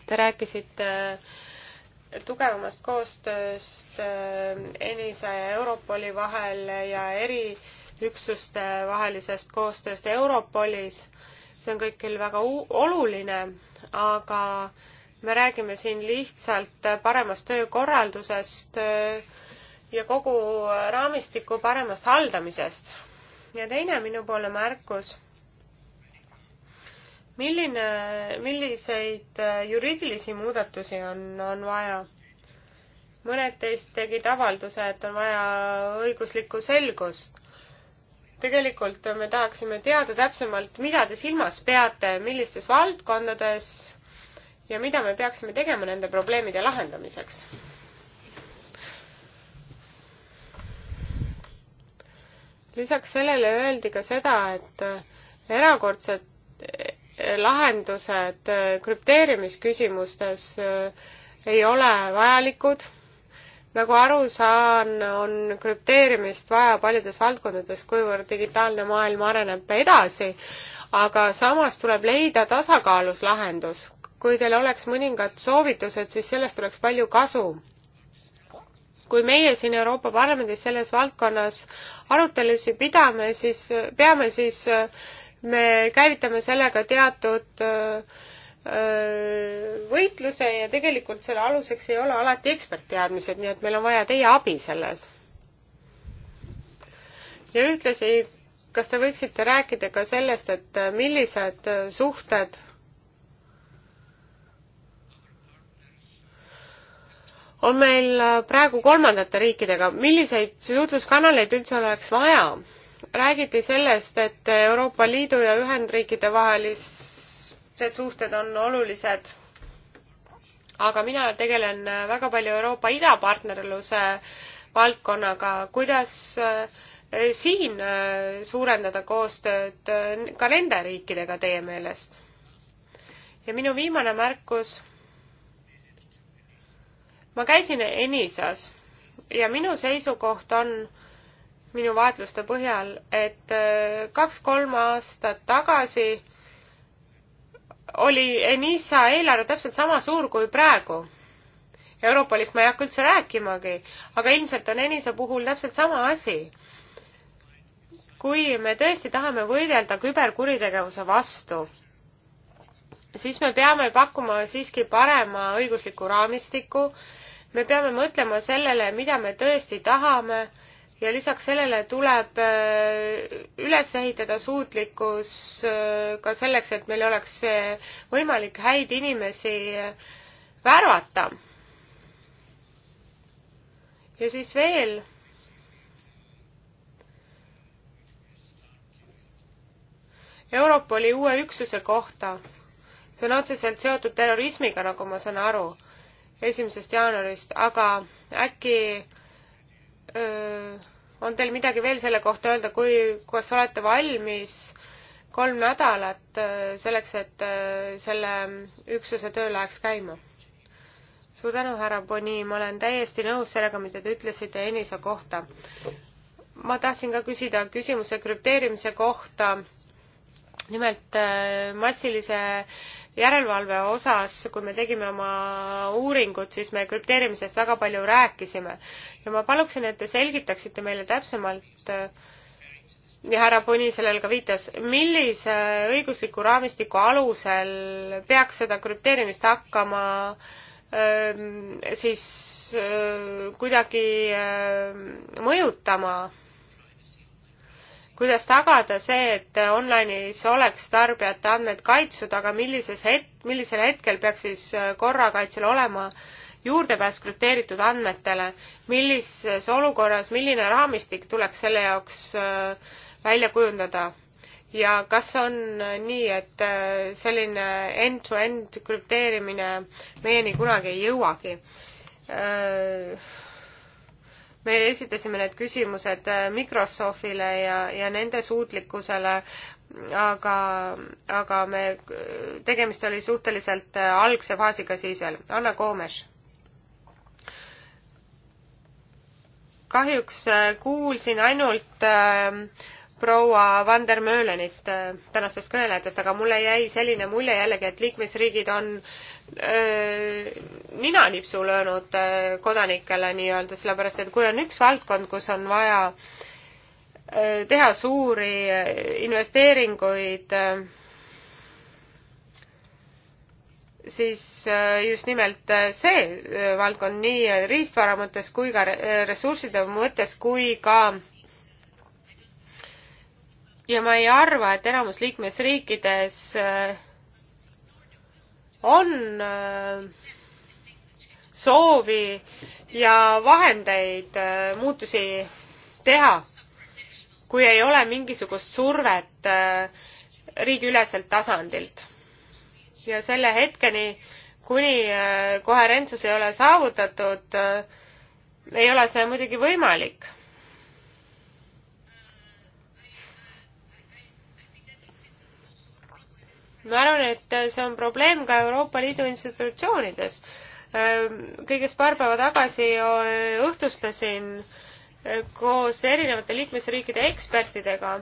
Te rääkisite äh, tugevamast koostööst äh, Enisa ja Europoli vahel ja eriüksuste vahelisest koostööst Europolis. see on kõik küll väga oluline, aga me räägime siin lihtsalt paremast töökorraldusest äh, ja kogu raamistiku paremast haldamisest. ja teine minu poole märkus milline, milliseid äh, juriidilisi muudatusi on, on vaja? mõned teist tegid avalduse, et on vaja õiguslikku selgust. tegelikult me tahaksime teada täpsemalt, mida te silmas peate, millistes valdkondades ja mida me peaksime tegema nende probleemide lahendamiseks. lisaks sellele öeldi ka seda, et äh, erakordset lahendused äh, krüpteerimisküsimustes äh, ei ole vajalikud. nagu aru saan, on krüpteerimist vaja paljudes valdkondades, kuivõrd digitaalne maailm areneb edasi, aga samas tuleb leida tasakaalus lahendus. kui teil oleks mõningad soovitused, siis sellest oleks palju kasu kui meie siin Euroopa Parlamendis selles valdkonnas arutelusid pidame, siis, peame, siis äh, me käivitame sellega teatud äh, äh, võitluse ja tegelikult selle aluseks ei ole alati ekspertteadmised, nii et meil on vaja teie abi selles. ja ühtlasi, kas te võiksite rääkida ka sellest, et millised suhted on meil praegu kolmandate riikidega, milliseid suhtluskanaleid üldse oleks vaja? räägiti sellest, et Euroopa Liidu ja Ühendriikide vahelised suhted on olulised, aga mina tegelen väga palju Euroopa idapartnerluse valdkonnaga, kuidas eh, siin eh, suurendada koostööd eh, ka nende riikidega teie meelest? ja minu viimane märkus. ma käisin Enisas ja minu seisukoht on, minu vaatluste põhjal, et äh, kaks-kolm aastat tagasi oli Enisa eelarve täpselt sama suur kui praegu. Europolist ma ei hakka üldse rääkimagi, aga ilmselt on Enisa puhul täpselt sama asi. kui me tõesti tahame võidelda küberkuritegevuse vastu, siis me peame pakkuma siiski parema õigusliku raamistiku, me peame mõtlema sellele, mida me tõesti tahame ja lisaks sellele tuleb äh, üles ehitada suutlikkus äh, ka selleks, et meil oleks võimalik häid inimesi äh, värvata. ja siis veel. Europoli uue üksuse kohta. see on otseselt seotud terrorismiga, nagu ma saan aru, esimesest jaanuarist, aga äkki äh, on teil midagi veel selle kohta öelda, kui, kas olete valmis kolm nädalat selleks, et selle üksuse töö läheks käima? suur tänu, härra Boni, ma olen täiesti nõus sellega, mida te ütlesite Enisa kohta. ma tahtsin ka küsida küsimuse krüpteerimise kohta nimelt massilise järelevalve osas, kui me tegime oma uuringut, siis me krüpteerimisest väga palju rääkisime ja ma paluksin, et te selgitaksite meile täpsemalt ja härra Puni sellele ka viitas, millise õigusliku raamistiku alusel peaks seda krüpteerimist hakkama ähm, siis äh, kuidagi ähm, mõjutama kuidas tagada see, et online'is oleks tarbijate andmed kaitstud, aga millises het-, millisel hetkel peaks siis äh, korrakaitsel olema juurdepääs krüpteeritud andmetele, millises olukorras, milline raamistik tuleks selle jaoks äh, välja kujundada? ja kas on äh, nii, et selline end-to-end -end krüpteerimine meieni kunagi ei jõuagi? me esitasime need küsimused äh, Microsoftile ja, ja nende suutlikkusele, aga, aga me, äh, tegemist oli suhteliselt äh, algse faasiga siis veel. Anna Koomes. kahjuks kuulsin ainult äh, proua Van der Mölenit tänastest kõnelejatest, aga mulle jäi selline mulje jällegi, et liikmesriigid on äh, Äh, ninanipsu löönud äh, kodanikele nii-öelda, sellepärast et kui on üks valdkond, kus on vaja äh, teha suuri investeeringuid, siis just nimelt see valdkond nii riistvara mõttes kui ka ressursside mõttes kui ka ja ma ei arva, et enamus liikmesriikides äh, on äh, soovi ja vahendeid äh, muutusi teha, kui ei ole mingisugust survet äh, riigiüleselt tasandilt. ja selle hetkeni, kuni koherentsus ei ole saavutatud, ei ole see muidugi võimalik ma arvan, et see on probleem ka Euroopa Liidu institutsioonides. Ehm, kõigest paar päeva tagasi õhtustasin eh, koos erinevate liikmesriikide ekspertidega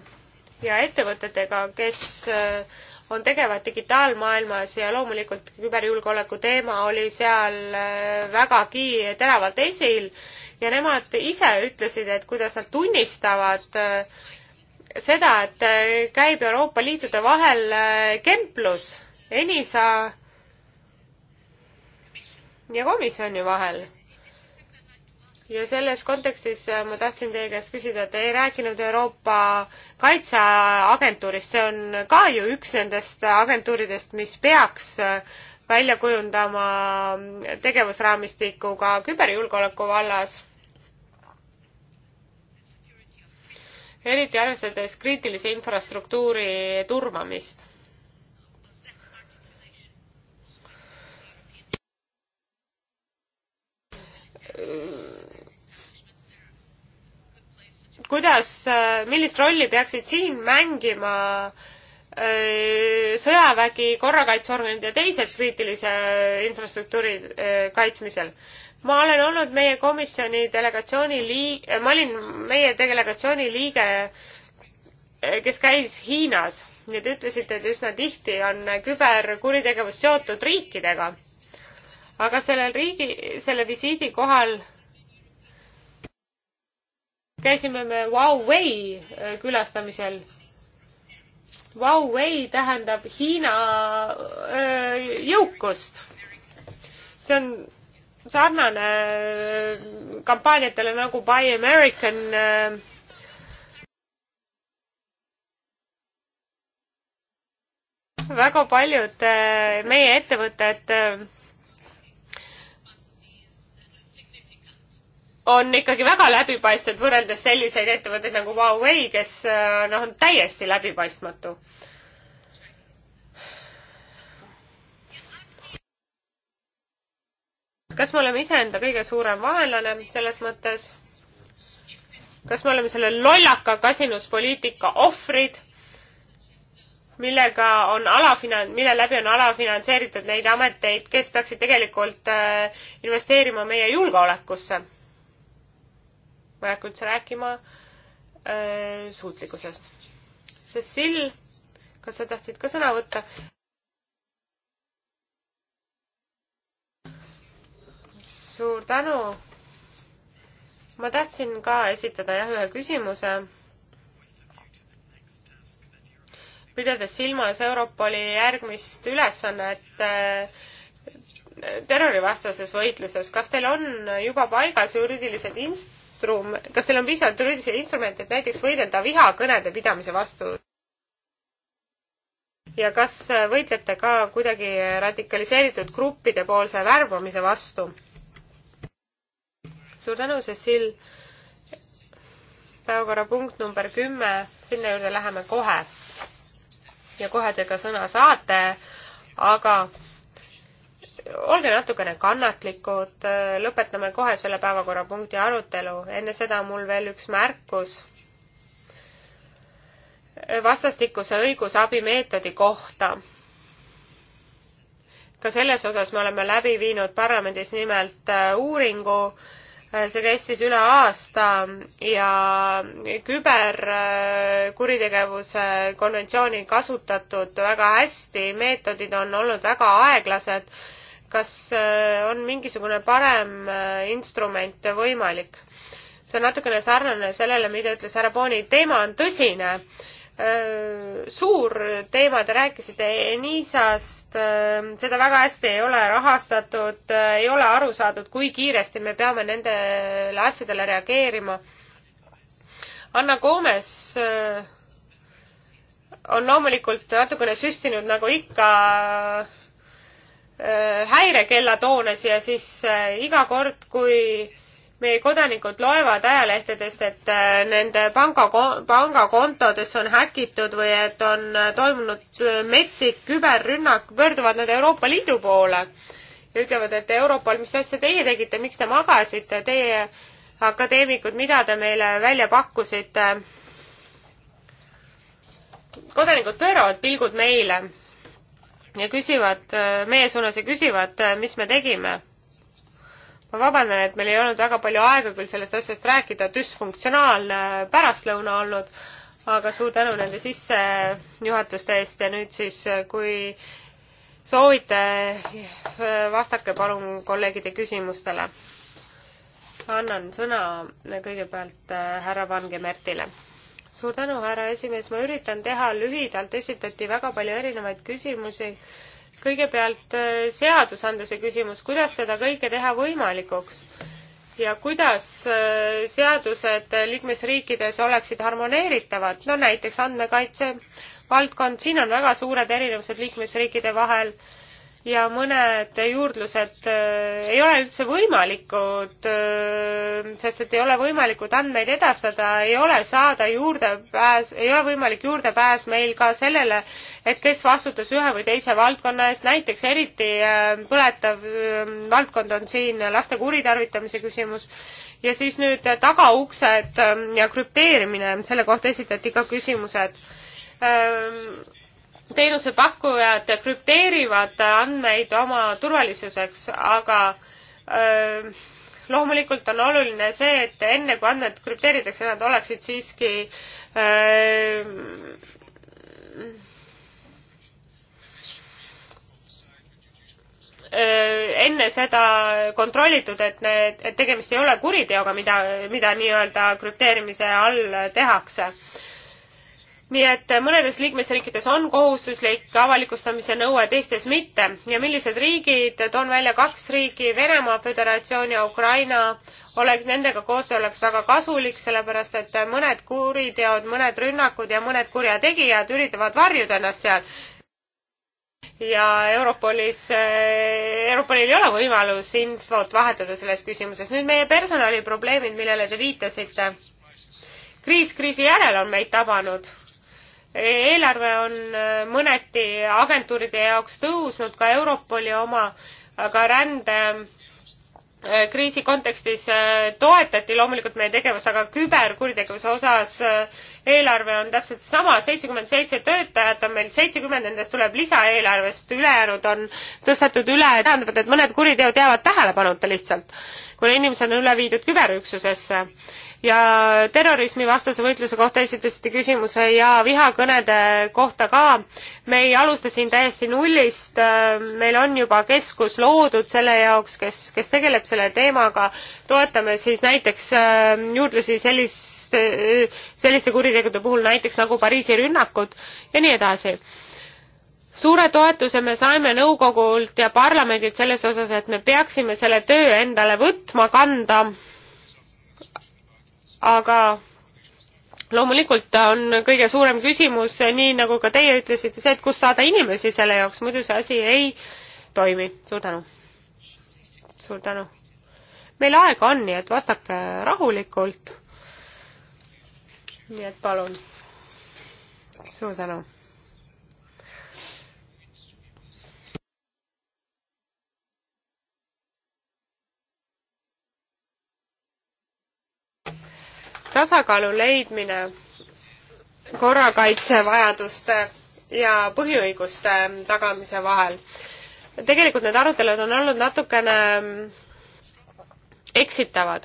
ja ettevõtetega, kes eh, on tegevad digitaalmaailmas ja loomulikult küberjulgeoleku teema oli seal eh, vägagi teravalt esil ja nemad ise ütlesid, et kuidas nad tunnistavad seda, et äh, käib Euroopa Liitude vahel äh, kemplus Enisa ja komisjoni vahel. ja selles kontekstis äh, ma tahtsin teie käest küsida, te ei rääkinud Euroopa Kaitseagentuurist, see on ka ju üks nendest agentuuridest, mis peaks välja kujundama mm, tegevusraamistikuga küberjulgeoleku vallas eriti arvestades kriitilise infrastruktuuri turvamist. kuidas, millist rolli peaksid siin mängima äh, sõjavägi, korrakaitseorganid ja teised kriitilise infrastruktuuri äh, kaitsmisel? ma olen olnud meie komisjoni delegatsiooni liige, ma olin meie delegatsiooni liige, kes käis Hiinas ja te ütlesite, et üsna tihti on küberkuritegevus seotud riikidega. aga sellel riigi, selle visiidi kohal käisime me Huawei äh, külastamisel. Huawei tähendab Hiina öö, äh, jõukust. see on sarnane äh, kampaaniatele nagu Buy American äh, väga paljud äh, meie ettevõtted on ikkagi väga läbipaistvad võrreldes selliseid ettevõtteid nagu Huawei, kes noh, on täiesti läbipaistmatu kas me oleme iseenda kõige suurem vaenlane selles mõttes? kas me oleme selle lollaka kasinuspoliitika ohvrid, millega on alafinan-, mille läbi on alafinantseeritud neid ameteid, kes peaksid tegelikult äh, investeerima meie julgeolekusse? ma ei hakka üldse rääkima äh, suutlikkusest. Cecil, kas sa tahtsid ka sõna võtta? suur tänu. ma tahtsin ka esitada jah ühe küsimuse. pidades silmas Europoli järgmist ülesannet äh, terrorivastases võitluses, kas teil on juba paigas juriidilised instrum-, kas teil on piisavalt juriidilisi instrumente, et näiteks võidelda vihakõnede pidamise vastu? ja kas võitlete ka kuidagi radikaliseeritud gruppide poolse värbamise vastu? suur tänu, Cecil. päevakorrapunkt number kümme, sinna juurde läheme kohe. ja kohe te ka sõna saate, aga olge natukene kannatlikud, lõpetame kohe selle päevakorrapunkti arutelu. enne seda on mul veel üks märkus vastastikuse õigusabi meetodi kohta. ka selles osas me oleme läbi viinud parlamendis nimelt äh, uuringu äh, see kestis üle aasta ja küberkuritegevuse konventsiooni kasutatud väga hästi, meetodid on olnud väga aeglased. kas äh, on mingisugune parem äh, instrument võimalik? see on natukene sarnane sellele, mida ütles härra Booni, teema on tõsine suur teema, te rääkisite Enisast, seda väga hästi ei ole rahastatud, ei ole aru saadud, kui kiiresti me peame nendele asjadele reageerima. Anna Koomes äh, on loomulikult natukene süstinud nagu ikka äh, häirekella toone siia sisse äh, iga kord, kui äh, meie kodanikud loevad ajalehtedest, et äh, nende panga, pangakontodes on häkitud või et on äh, toimunud äh, metsik küberrünnak, pöörduvad nad Euroopa Liidu poole ja ütlevad, et Euroopal, mis asja teie tegite, miks te magasite, teie akadeemikud, mida te meile välja pakkusite? kodanikud pööravad pilgud meile ja küsivad meie suunas ja küsivad, mis me tegime ma vabandan, et meil ei olnud väga palju aega küll sellest asjast rääkida, düsfunktsionaalne pärastlõuna olnud, aga suur tänu nende sissejuhatuste eest ja nüüd siis, kui soovite, vastake palun kolleegide küsimustele. annan sõna kõigepealt äh, härra Vangemertile. suur tänu, härra esimees, ma üritan teha lühidalt, esitati väga palju erinevaid küsimusi kõigepealt äh, seadusandluse küsimus, kuidas seda kõike teha võimalikuks ja kuidas äh, seadused liikmesriikides oleksid harmoneeritavad, no näiteks andmekaitse valdkond, siin on väga suured erinevused liikmesriikide vahel ja mõned juurdlused äh, ei ole üldse võimalikud, äh, sest et ei ole võimalikud andmeid edastada, ei ole saada juurdepääs, ei ole võimalik juurdepääs meil ka sellele, et kes vastutas ühe või teise valdkonna eest, näiteks eriti äh, põletav valdkond on siin laste kuritarvitamise küsimus ja siis nüüd tagauksed ja krüpteerimine, selle kohta esitati ka küsimused teenusepakkujad krüpteerivad andmeid oma turvalisuseks, aga öö, loomulikult on oluline see, et enne kui andmed krüpteeritakse, nad oleksid siiski öö, enne seda kontrollitud, et need, et tegemist ei ole kuriteoga, mida, mida nii-öelda krüpteerimise all tehakse nii et mõnedes liikmesriikides on kohustuslik avalikustamise nõue, teistes mitte. ja millised riigid, toon välja kaks riiki, Venemaa Föderatsioon ja Ukraina, oleks, nendega koostöö oleks väga kasulik, sellepärast et mõned kuriteod, mõned rünnakud ja mõned kurjategijad üritavad varjuda ennast seal. ja Europolis, eh, Europolil ei ole võimalus infot vahetada selles küsimuses. nüüd meie personaliprobleemid, millele te viitasite. kriis kriisi järel on meid tabanud eelarve on äh, mõneti agentuuride jaoks tõusnud, ka Europoli oma, aga rände äh, kriisi kontekstis äh, toetati loomulikult meie tegevus, aga küberkuritegevuse osas eelarve on täpselt sama, seitsekümmend seitse töötajat on meil, seitsekümmend nendest tuleb lisaeelarvest, ülejäänud on tõstetud üle, tähendab, et mõned kuriteod jäävad tähelepanuta lihtsalt, kuna inimesed on üle viidud küberüksusesse ja terrorismivastase võitluse kohta esitasite küsimuse ja vihakõnede kohta ka. me ei alusta siin täiesti nullist, meil on juba keskus loodud selle jaoks, kes, kes tegeleb selle teemaga, toetame siis näiteks äh, juurdlusi sellist, selliste kuritegude kuritegude puhul, näiteks nagu Pariisi rünnakud ja nii edasi. suure toetuse me saime nõukogult ja parlamendilt selles osas, et me peaksime selle töö endale võtma, kanda, aga loomulikult on kõige suurem küsimus, nii nagu ka teie ütlesite, see, et kust saada inimesi selle jaoks, muidu see asi ei toimi. suur tänu. suur tänu. meil aega on, nii et vastake rahulikult nii et palun. suur tänu. tasakaalu leidmine korrakaitsevajaduste ja põhiõiguste tagamise vahel. tegelikult need arutelud on olnud natukene eksitavad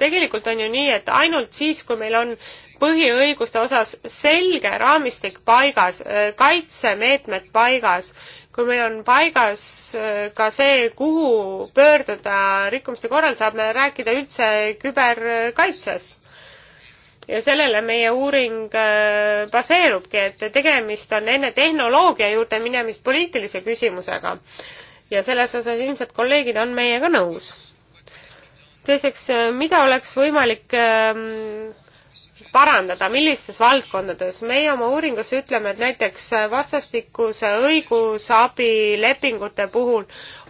tegelikult on ju nii, et ainult siis, kui meil on põhiõiguste osas selge raamistik paigas, äh, kaitsemeetmed paigas, kui meil on paigas äh, ka see, kuhu pöörduda rikkumiste korral, saab me rääkida üldse küberkaitsest. ja sellele meie uuring äh, baseerubki, et tegemist on enne tehnoloogia juurde minemist poliitilise küsimusega. ja selles osas ilmselt kolleegid on meiega nõus teiseks, äh, mida oleks võimalik ähm, parandada, millistes valdkondades? meie oma uuringus ütleme, et näiteks äh, vastastikuse õigusabilepingute puhul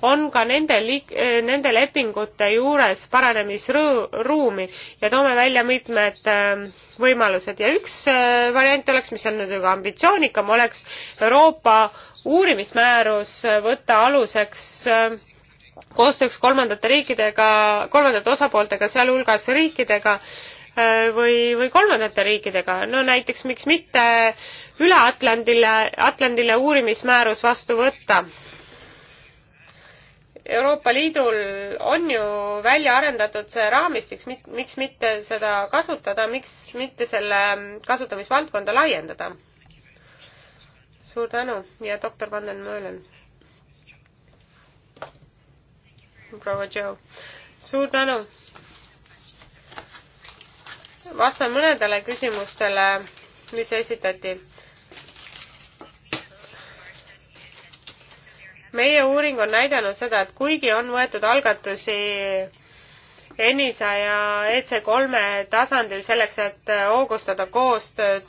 on ka nende liik-, äh, nende lepingute juures paranemisruumi ja toome välja mitmed ähm, võimalused ja üks variant oleks, mis on nüüd juba ambitsioonikam, oleks Euroopa uurimismäärus võtta aluseks koostööks kolmandate riikidega, kolmandate osapooltega, sealhulgas riikidega äh, või, või kolmandate riikidega, no näiteks miks mitte üle Atlandile, Atlandile uurimismäärus vastu võtta. Euroopa Liidul on ju välja arendatud see raamistik, miks mitte seda kasutada, miks mitte selle kasutamisvaldkonda laiendada? suur tänu ja doktor Vanden Möölen proua Joe. suur tänu! vastan mõnedele küsimustele, mis esitati. meie uuring on näidanud seda, et kuigi on võetud algatusi ENISA ja EC3 tasandil selleks, et hoogustada koostööd,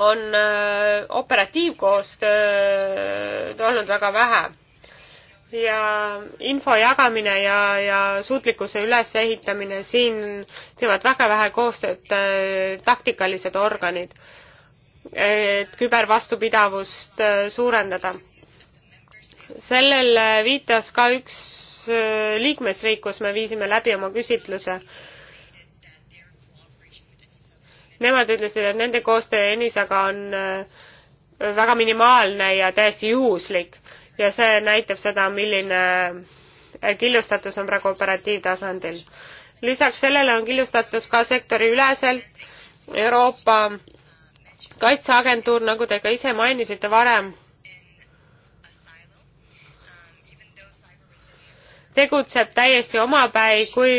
on äh, operatiivkoostööd olnud väga vähe ja info jagamine ja, ja suutlikkuse ülesehitamine, siin teevad väga vähe koostööd äh, taktikalised organid, et kübervastupidavust äh, suurendada. sellele viitas ka üks äh, liikmesriik, kus me viisime läbi oma küsitluse. Nemad ütlesid, et nende koostöö Enisaga on äh, väga minimaalne ja täiesti juhuslik ja see näitab seda, milline äh, killustatus on praegu operatiivtasandil. lisaks sellele on killustatus ka sektoriüleselt Euroopa Kaitseagentuur, nagu te ka ise mainisite varem, tegutseb täiesti omapäi, kui,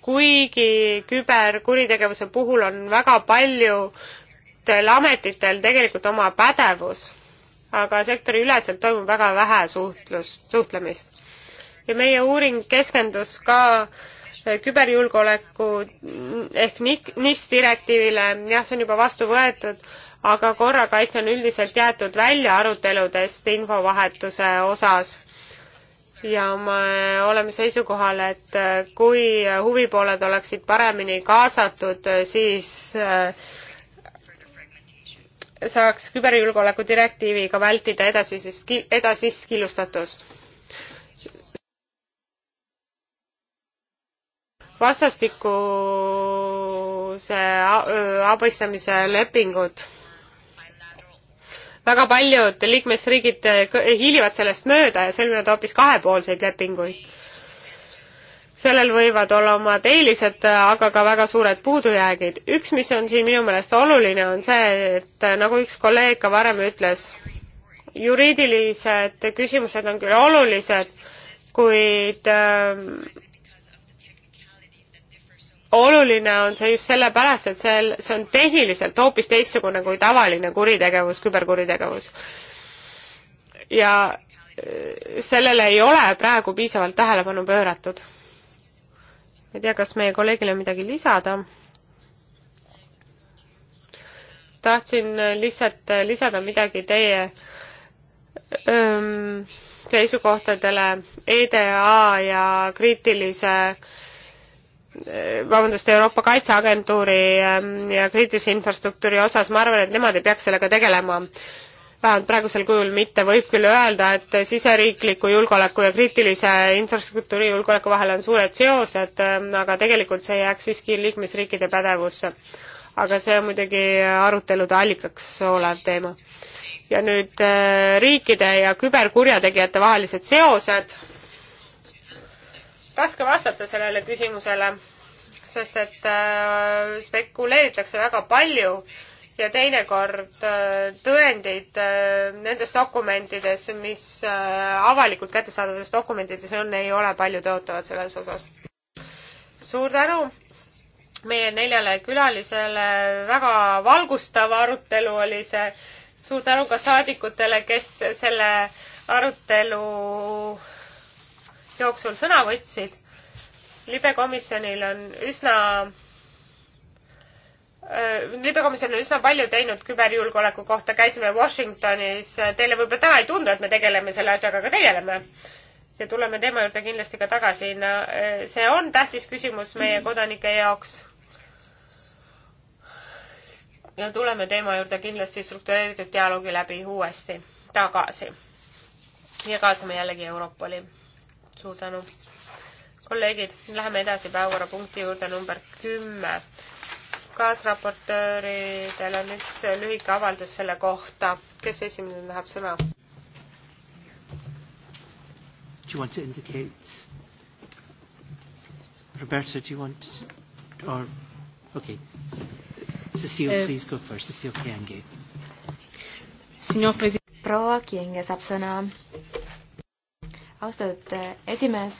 kuigi küberkuritegevuse puhul on väga paljutel ametitel tegelikult oma pädevus aga sektoriüleselt toimub väga vähe suhtlust, suhtlemist. ja meie uuring keskendus ka eh, küberjulgeoleku ehk NIS direktiivile, jah, see on juba vastu võetud, aga korrakaitse on üldiselt jäetud välja aruteludest infovahetuse osas ja me oleme seisukohal, et eh, kui huvipooled oleksid paremini kaasatud, eh, siis saaks küberjulgeoleku direktiiviga vältida edasisest, edasist killustatust. vastastikuse abistamise lepingud. väga paljud liikmesriigid hiilivad sellest mööda ja sõlmivad hoopis kahepoolseid lepinguid sellel võivad olla omad eelised, aga ka väga suured puudujäägid. üks, mis on siin minu meelest oluline, on see, et nagu üks kolleeg ka varem ütles, juriidilised küsimused on küll olulised, kuid äh, oluline on see just sellepärast, et see, see on tehniliselt hoopis teistsugune kui tavaline kuritegevus, küberkuritegevus. ja äh, sellele ei ole praegu piisavalt tähelepanu pööratud ei tea, kas meie kolleegil on midagi lisada. tahtsin lihtsalt lisada midagi teie öö, ähm, seisukohtadele EDA ja kriitilise äh, vabandust, Euroopa Kaitseagentuuri ähm, ja kriitilise infrastruktuuri osas, ma arvan, et nemad ei peaks sellega tegelema vähemalt praegusel kujul mitte, võib küll öelda, et siseriikliku julgeoleku ja kriitilise infrastruktuuri julgeoleku vahel on suured seosed, aga tegelikult see jääks siiski liikmesriikide pädevusse. aga see on muidugi arutelude allikaks olev teema. ja nüüd äh, riikide ja küberkurjategijate vahelised seosed. raske vastata sellele küsimusele, sest et äh, spekuleeritakse väga palju äh, ja teinekord äh, tõendeid äh, nendes dokumentides, mis äh, avalikult kättesaadavates dokumentides on, ei ole palju tõotavad selles osas. suur tänu meie neljale külalisele, väga valgustav arutelu oli see. suur tänu ka saadikutele, kes selle arutelu jooksul sõna võtsid. libekomisjonil on üsna Äh, libekomisjon on üsna palju teinud küberjulgeoleku kohta, käisime Washingtonis, teile võib-olla täna ei tundu, et me tegeleme selle asjaga, aga tegeleme. ja tuleme teema juurde kindlasti ka tagasi, no äh, see on tähtis küsimus meie kodanike jaoks. ja tuleme teema juurde kindlasti struktureeritud dialoogi läbi uuesti tagasi. ja kaasame jällegi Europoli. suur tänu. kolleegid, läheme edasi päevakorrapunkti juurde number kümme kaasraportööridel on üks lühike avaldus selle kohta. kes esimene tahab sõna? Do you want to indicate? Roberta, do you want or okay. Cecile, eh, please go first. Cecile Kienge. Signor Presidente. proua Kienge saab sõna. austatud eh, esimees,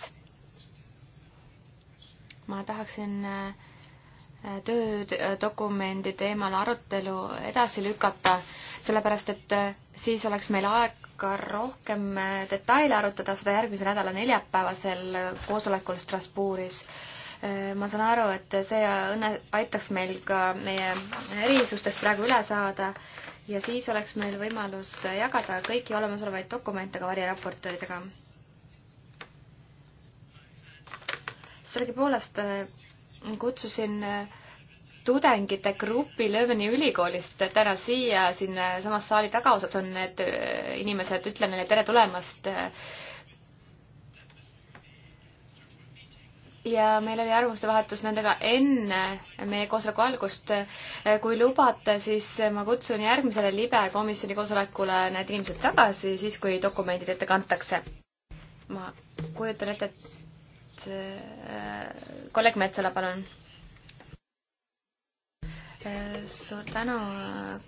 ma tahaksin äh, töödokumendi äh, teemal arutelu edasi lükata, sellepärast et äh, siis oleks meil aega rohkem äh, detaile arutada seda järgmise nädala neljapäevasel koosolekul Strasbourgis. ma saan aru, et see õnne, aitaks meil ka meie erisustest praegu üle saada ja siis oleks meil võimalus jagada kõiki olemasolevaid dokumente ka variraportööridega. sellegipoolest kutsusin äh, tudengite grupi Lööveni ülikoolist täna siia siinsamas äh, saali tagaosas on need äh, inimesed, ütlen neile tere tulemast. ja meil oli arvamuste vahetus nendega enne meie koosoleku algust. kui lubate, siis ma kutsun järgmisele libe komisjoni koosolekule need inimesed tagasi, siis kui dokumendid ette kantakse. ma kujutan ette, et kolleeg Metsala, palun. suur tänu,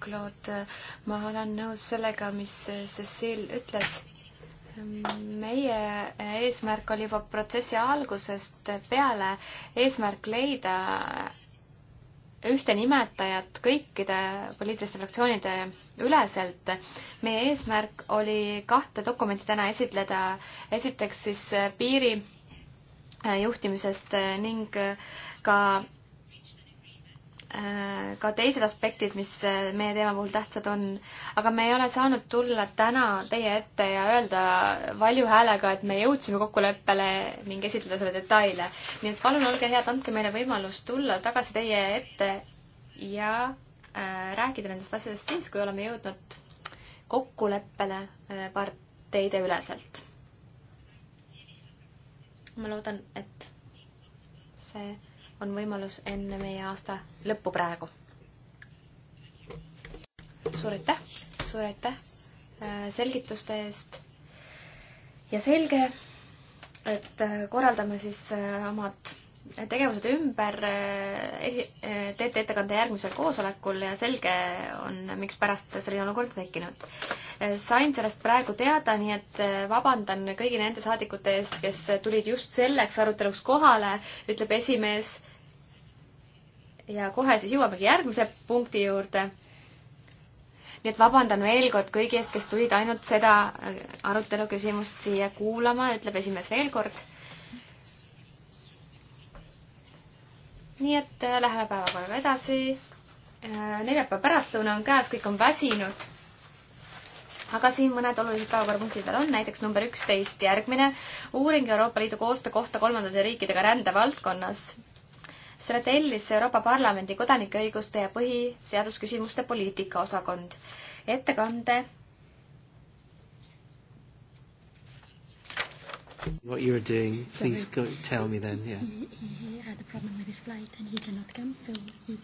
Claude. ma olen nõus sellega, mis Cecil ütles meie eesmärk oli juba protsessi algusest peale eesmärk leida ühte nimetajat kõikide poliitiliste fraktsioonide üleselt. meie eesmärk oli kahte dokumenti täna esitleda. esiteks siis piiri juhtimisest äh, ning äh, ka äh, ka teised aspektid, mis meie teema puhul tähtsad on, aga me ei ole saanud tulla täna teie ette ja öelda valju häälega, et me jõudsime kokkuleppele ning esitleda selle detaile. nii et palun olge head, andke meile võimalus tulla tagasi teie ette ja äh, rääkida nendest asjadest siis, kui oleme jõudnud kokkuleppele äh, parteide üleselt ma loodan, et see on võimalus enne meie aasta lõppu praegu. suur aitäh, suur aitäh äh, selgituste eest. ja selge, et äh, korraldame siis äh, omad tegevused ümber äh, esi-, äh, teete ettekande järgmisel koosolekul ja selge on, mikspärast selline olukord tekkinud. Äh, sain sellest praegu teada, nii et vabandan kõigi nende saadikute ees, kes tulid just selleks aruteluks kohale, ütleb esimees. ja kohe siis jõuamegi järgmise punkti juurde. nii et vabandan veel kord kõigi eest, kes tulid ainult seda arutelu küsimust siia kuulama, ütleb esimees veel kord nii et äh, läheme päevakorraga edasi. Äh, neljapäev pärastlõuna on käes, kõik on väsinud. aga siin mõned olulised päevakorrapunktid veel on, näiteks number üksteist, järgmine uuring Euroopa Liidu koostöö kohta kolmandate riikidega rändevaldkonnas selle tellis Euroopa Parlamendi kodanikeõiguste ja põhiseadusküsimuste poliitika osakond. ettekande What you were doing, please go, tell me then. Yeah. He, he had a problem with his flight and he cannot come, so he.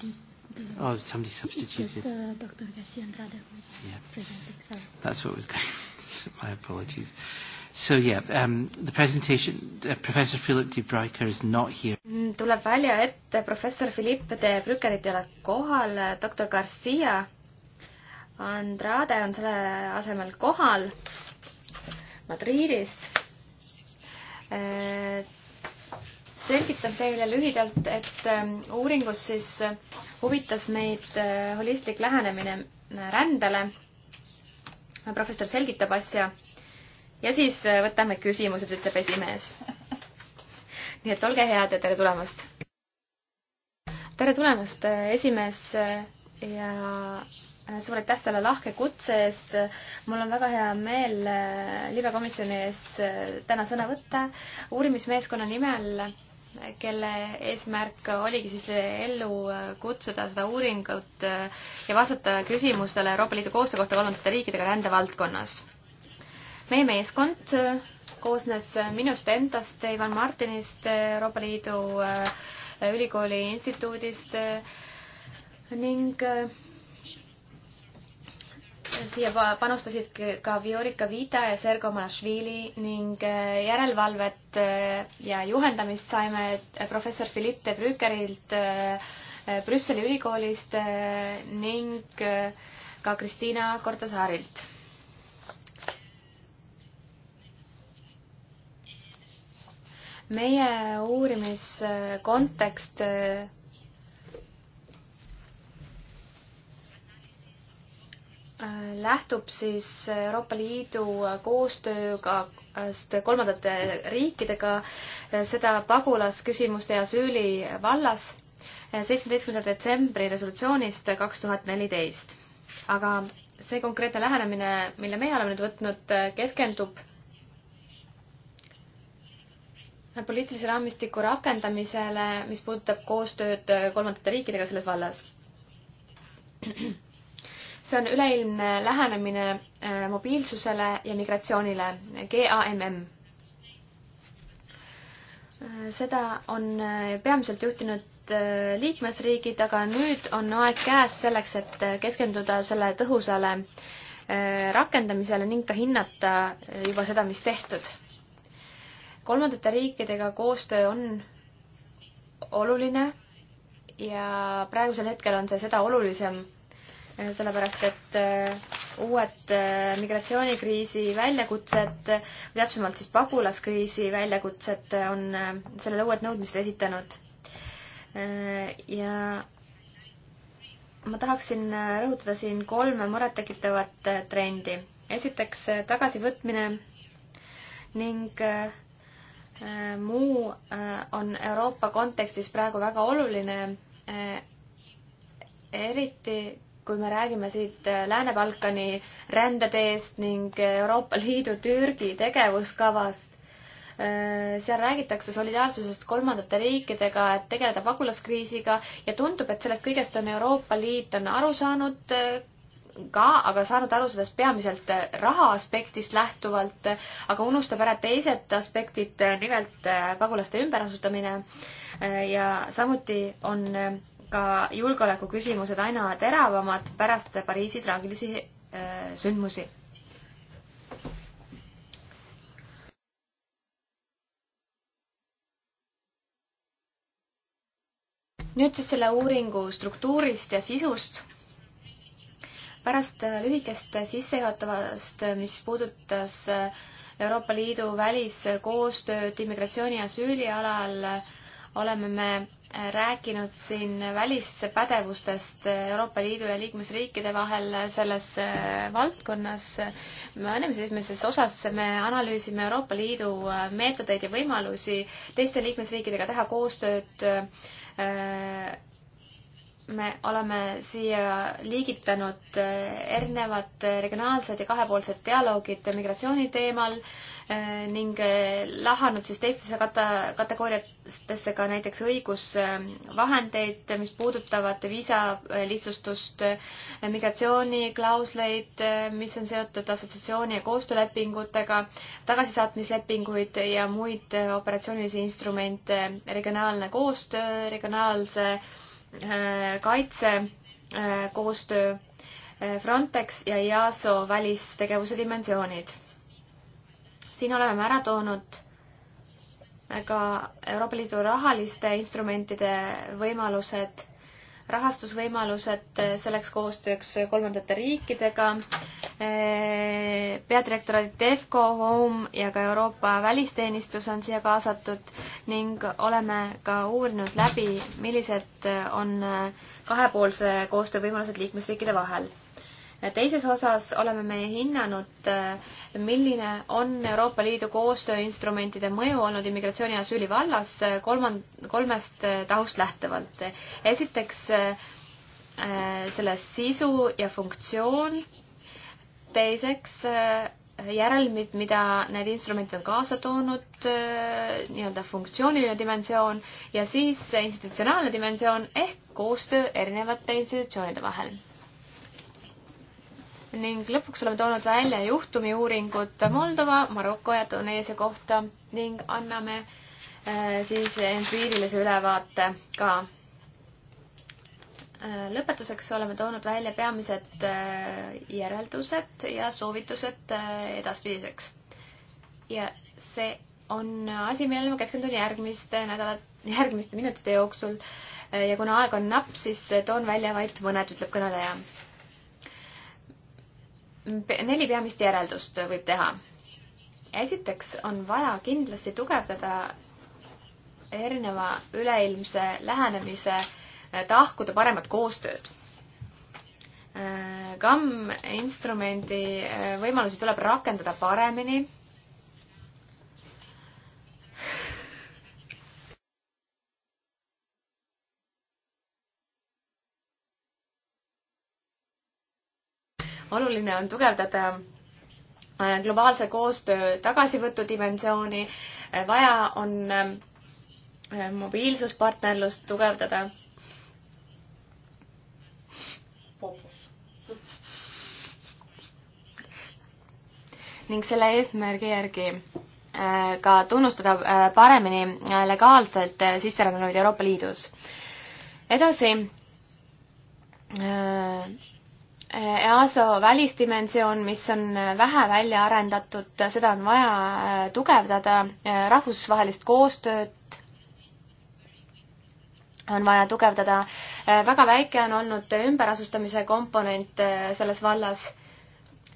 he the, oh, somebody substituted. Just, uh, Dr. Garcia Andrade was yeah. presenting. Sorry. That's what was going. My apologies. So yeah, um, the presentation, uh, Professor Philip de Bruyker is not here. Mm, tuleb välja, et uh, professor Philip de Bruykerit ei ole kohal, uh, doktor Garcia Andrade on selle asemel kohal Madridist Äh, selgitan teile lühidalt, et ähm, uuringus siis äh, huvitas meid äh, holistlik lähenemine rändele. professor selgitab asja ja siis võtame küsimused, ütleb esimees. nii et olge head ja tere tulemast. tere tulemast, esimees ja suur aitäh selle lahke kutse eest. mul on väga hea meel äh, libekomisjoni ees äh, täna sõna võtta uurimismeeskonna nimel, kelle eesmärk oligi siis ellu äh, kutsuda seda uuringut ja vastata küsimustele Euroopa Liidu koostöö kohta kolmandate riikidega rändevaldkonnas. meie meeskond koosnes minust endast, Ivan Martinist, Euroopa Liidu ülikooli instituudist ning siia panustasid ka Viorika Vita ja Sergo Malašvili ning äh, järelevalvet äh, ja juhendamist saime äh, professor Philipp de Brückerilt Brüsseli ülikoolist ning ka Kristiina Kortasaarilt. meie uurimiskontekst lähtub siis Euroopa Liidu koostööga kolmandate riikidega, seda pagulasküsimuste ja asüüli vallas seitsmeteistkümnenda detsembri resolutsioonist kaks tuhat neliteist. aga see konkreetne lähenemine, mille meie oleme nüüd võtnud, keskendub poliitilise raamistiku rakendamisele, mis puudutab koostööd kolmandate riikidega selles vallas see on üleilmne lähenemine äh, mobiilsusele ja migratsioonile, GAMM äh, seda on äh, peamiselt juhtinud liikmesriigid, aga nüüd on aeg käes selleks, et keskenduda selle tõhusale rakendamisele ning ka hinnata juba seda, mis tehtud. kolmandate riikidega koostöö on oluline ja praegusel hetkel on see seda olulisem sellepärast et äh, uued äh, migratsioonikriisi väljakutsed, täpsemalt siis pagulaskriisi väljakutsed on äh, sellele uued nõudmised esitanud. ja ma tahaksin rõhutada siin kolme murettekitavat trendi. esiteks tagasivõtmine ning muu on Euroopa kontekstis praegu väga oluline, eriti kui me räägime siit äh, Lääne-Balkani rändeteest ning Euroopa Liidu Türgi tegevuskavast, äh, seal räägitakse solidaarsusest kolmandate riikidega, et tegeleda pagulaskriisiga ja tundub, et sellest kõigest on Euroopa Liit on aru saanud äh, ka, aga saanud aru sellest peamiselt raha aspektist lähtuvalt, aga unustab ära teised aspektid, nimelt pagulaste ümberasustamine ja samuti on ka julgeolekuküsimused aina teravamad pärast Pariisi traagilisi äh, sündmusi. nüüd siis selle uuringu struktuurist ja sisust pärast äh, lühikest sissejuhatavast, äh, mis puudutas Euroopa Liidu väliskoostööd immigratsiooni ja asüüli alal, oleme me rääkinud siin välispädevustest Euroopa Liidu ja liikmesriikide vahel selles äh, valdkonnas. mõlemas esimeses osas me analüüsime Euroopa Liidu äh, meetodeid ja võimalusi teiste liikmesriikidega teha koostööd äh, me oleme siia liigitanud äh, erinevad äh, regionaalsed ja kahepoolsed dialoogid migratsiooni teemal äh, ning lahanud siis teistesse kata-, kategooriatesse ka näiteks õigusvahendeid, mis puudutavad viisalihtsustust, migratsiooniklausleid, mis on seotud assotsiatsiooni ja koostöölepingutega, tagasisaatmislepinguid ja muid operatsioonilisi instrumente, regionaalne koostöö, regionaalse äh, Äh, kaitsekoostöö, äh, äh, Frontex ja EASO välistegevuse dimensioonid. siin oleme ära toonud ka Euroopa Liidu rahaliste instrumentide võimalused rahastusvõimalused eh, selleks koostööks kolmandate riikidega, eh, peadirektoraadid Defco, Home ja ka Euroopa Välisteenistus on siia kaasatud ning oleme ka uurinud läbi, millised on eh, kahepoolse koostöö võimalused liikmesriikide vahel teises osas oleme me hinnanud, äh, milline on Euroopa Liidu koostööinstrumentide mõju olnud immigratsiooni ja asüüli vallas äh, kolmand-, kolmest äh, tahust lähtuvalt. esiteks selle sisu ja funktsioon, teiseks järelmid, mida need instrumendid on kaasa toonud, nii-öelda funktsiooniline dimensioon ja siis institutsionaalne dimensioon ehk koostöö erinevate institutsioonide vahel ning lõpuks oleme toonud välja juhtumiuuringud Moldova, Maroko ja Tuneesia kohta ning anname äh, siis empiirilise ülevaate ka. Äh, lõpetuseks oleme toonud välja peamised äh, järeldused ja soovitused edaspidiseks. ja see on asi, millele ma keskendun järgmiste nädalat, järgmiste minutite jooksul ja kuna aeg on napp, siis toon välja vaid mõned, ütleb kõneleja neli peamist järeldust võib teha. esiteks on vaja kindlasti tugevdada erineva üleilmse lähenemise eh, tahkude paremat koostööd. Eh, GAM instrumendi eh, võimalusi tuleb rakendada paremini oluline on tugevdada äh, globaalse koostöö tagasivõtu dimensiooni, äh, vaja on äh, mobiilsuspartnerlust tugevdada. ning selle eesmärgi järgi ka tunnustada paremini legaalselt sisserännanuid Euroopa Liidus. edasi EASO välisdimensioon, mis on vähe välja arendatud, seda on vaja äh, tugevdada, äh, rahvusvahelist koostööd on vaja tugevdada. Äh, väga väike on olnud ümberasustamise komponent selles vallas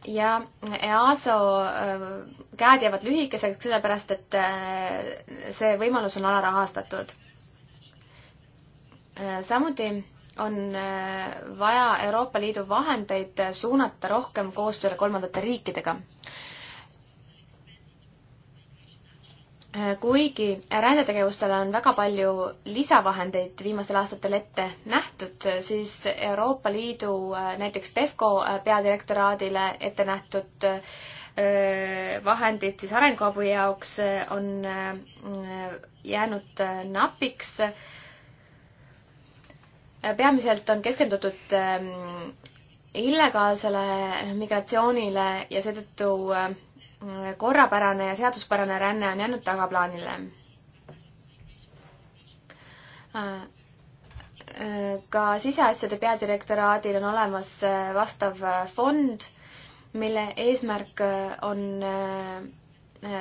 ja EASO käed jäävad lühikeseks, sellepärast et see võimalus on alarahastatud. samuti on äh, vaja Euroopa Liidu vahendeid äh, suunata rohkem koostööle kolmandate riikidega. Äh, kuigi rändetegevustele on väga palju lisavahendeid viimastel aastatel ette nähtud, siis Euroopa Liidu näiteks DEFCO peadirektoraadile ette nähtud vahendid siis arenguabi jaoks on jäänud napiks peamiselt on keskendutud ähm, illegaalsele migratsioonile ja seetõttu ähm, korrapärane ja seaduspärane ränne on jäänud tagaplaanile. Äh, äh, ka siseasjade peadirektoraadil on olemas äh, vastav fond, mille eesmärk on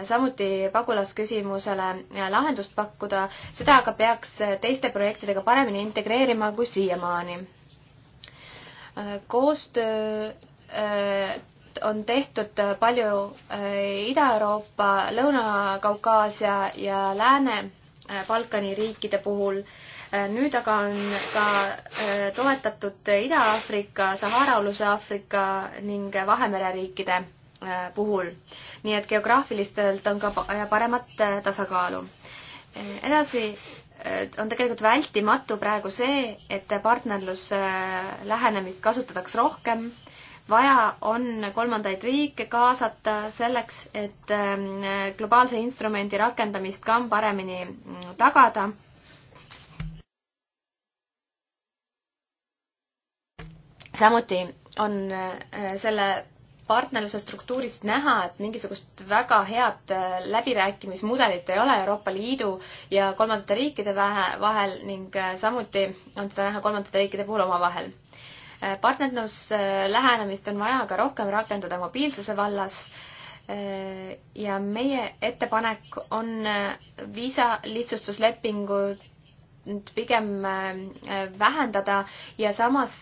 samuti pagulasküsimusele äh, lahendust pakkuda, seda aga peaks äh, teiste projektidega paremini integreerima kui siiamaani. Äh, koostöö on tehtud palju Ida-Euroopa, Lõuna-Kaukaasia ja Lääne-Balkani riikide puhul. nüüd aga on ka toetatud Ida-Aafrika, Sahara-aluse Aafrika ning Vahemere riikide Äh, puhul. nii et geograafiliselt on ka paremat äh, tasakaalu. Äh, edasi on tegelikult vältimatu praegu see, et partnerluslähenemist kasutataks rohkem. vaja on kolmandaid riike kaasata selleks, et ähm, globaalse instrumendi rakendamist ka paremini mm, tagada. samuti on selle partnerluse struktuurist näha, et mingisugust väga head äh, läbirääkimismudelit ei ole Euroopa Liidu ja kolmandate riikide vahel ning äh, samuti on seda näha kolmandate riikide puhul omavahel. Äh, partnerluslähenemist on vaja ka rohkem rakendada mobiilsuse vallas ja meie ettepanek on viisa lihtsustuslepingut pigem vähendada ja samas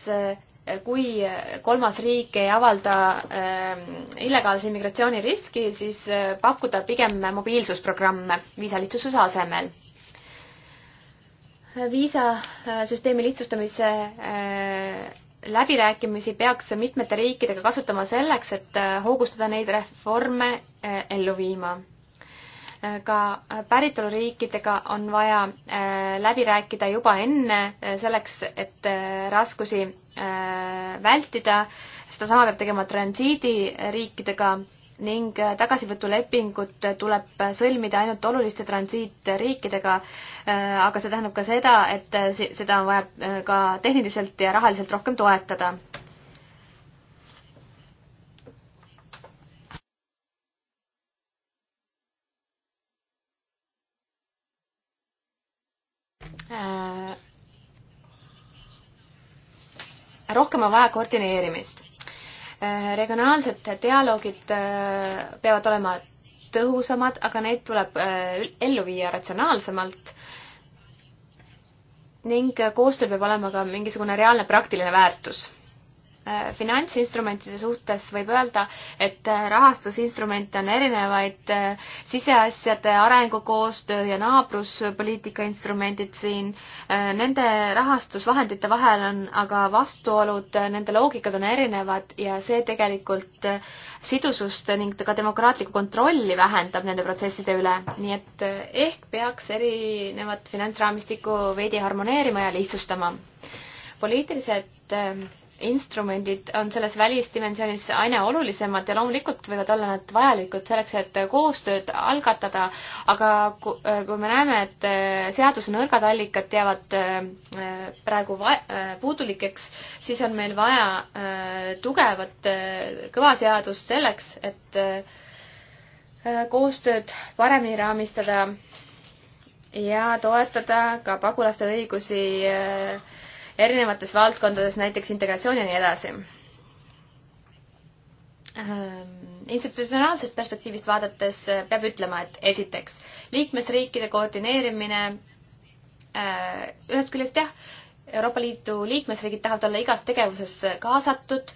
kui kolmas riik ei avalda äh, illegaalse immigratsiooni riski, siis äh, pakkuda pigem mobiilsusprogramme viisalihtsustuse asemel. viisasüsteemi äh, lihtsustamise äh, läbirääkimisi peaks mitmete riikidega kasutama selleks, et äh, hoogustada neid reforme äh, ellu viima ka päritoluriikidega on vaja äh, läbi rääkida juba enne, äh, selleks et äh, raskusi vältida. sedasama peab tegema transiidiriikidega ning tagasivõtulepingud tuleb sõlmida ainult oluliste transiitriikidega, aga see tähendab ka seda, et seda on vaja ka tehniliselt ja rahaliselt rohkem toetada rohkem on vaja koordineerimist. Äh, regionaalsed dialoogid äh, peavad olema tõhusamad, aga neid tuleb äh, ellu viia ratsionaalsemalt ning koostöö peab olema ka mingisugune reaalne praktiline väärtus Äh, finantsinstrumentide suhtes võib öelda, et äh, rahastusinstrumente on erinevaid, äh, siseasjade, arengukoostöö ja naabruspoliitika instrumendid siin. Nende rahastusvahendite vahel on aga vastuolud, nende loogikad on erinevad ja see tegelikult sidusust ning ka demokraatlikku kontrolli vähendab nende protsesside üle, nii et ehk peaks erinevat finantsraamistikku veidi harmoneerima ja lihtsustama. poliitilised instrumendid on selles välisdimensioonis aina olulisemad ja loomulikult võivad olla nad vajalikud selleks, et koostööd algatada, aga kui me näeme, et seaduse nõrgad allikad jäävad äh, praegu äh, puudulikeks, siis on meil vaja äh, tugevat kõva seadust selleks, et koostööd paremini raamistada ja toetada ka pagulaste õigusi äh, erinevates valdkondades, näiteks integratsioon ja nii edasi. Ähm, institutsionaalsest perspektiivist vaadates äh, peab ütlema, et esiteks, liikmesriikide koordineerimine äh, ühest küljest jah, Euroopa Liidu liikmesriigid tahavad olla igas tegevuses kaasatud,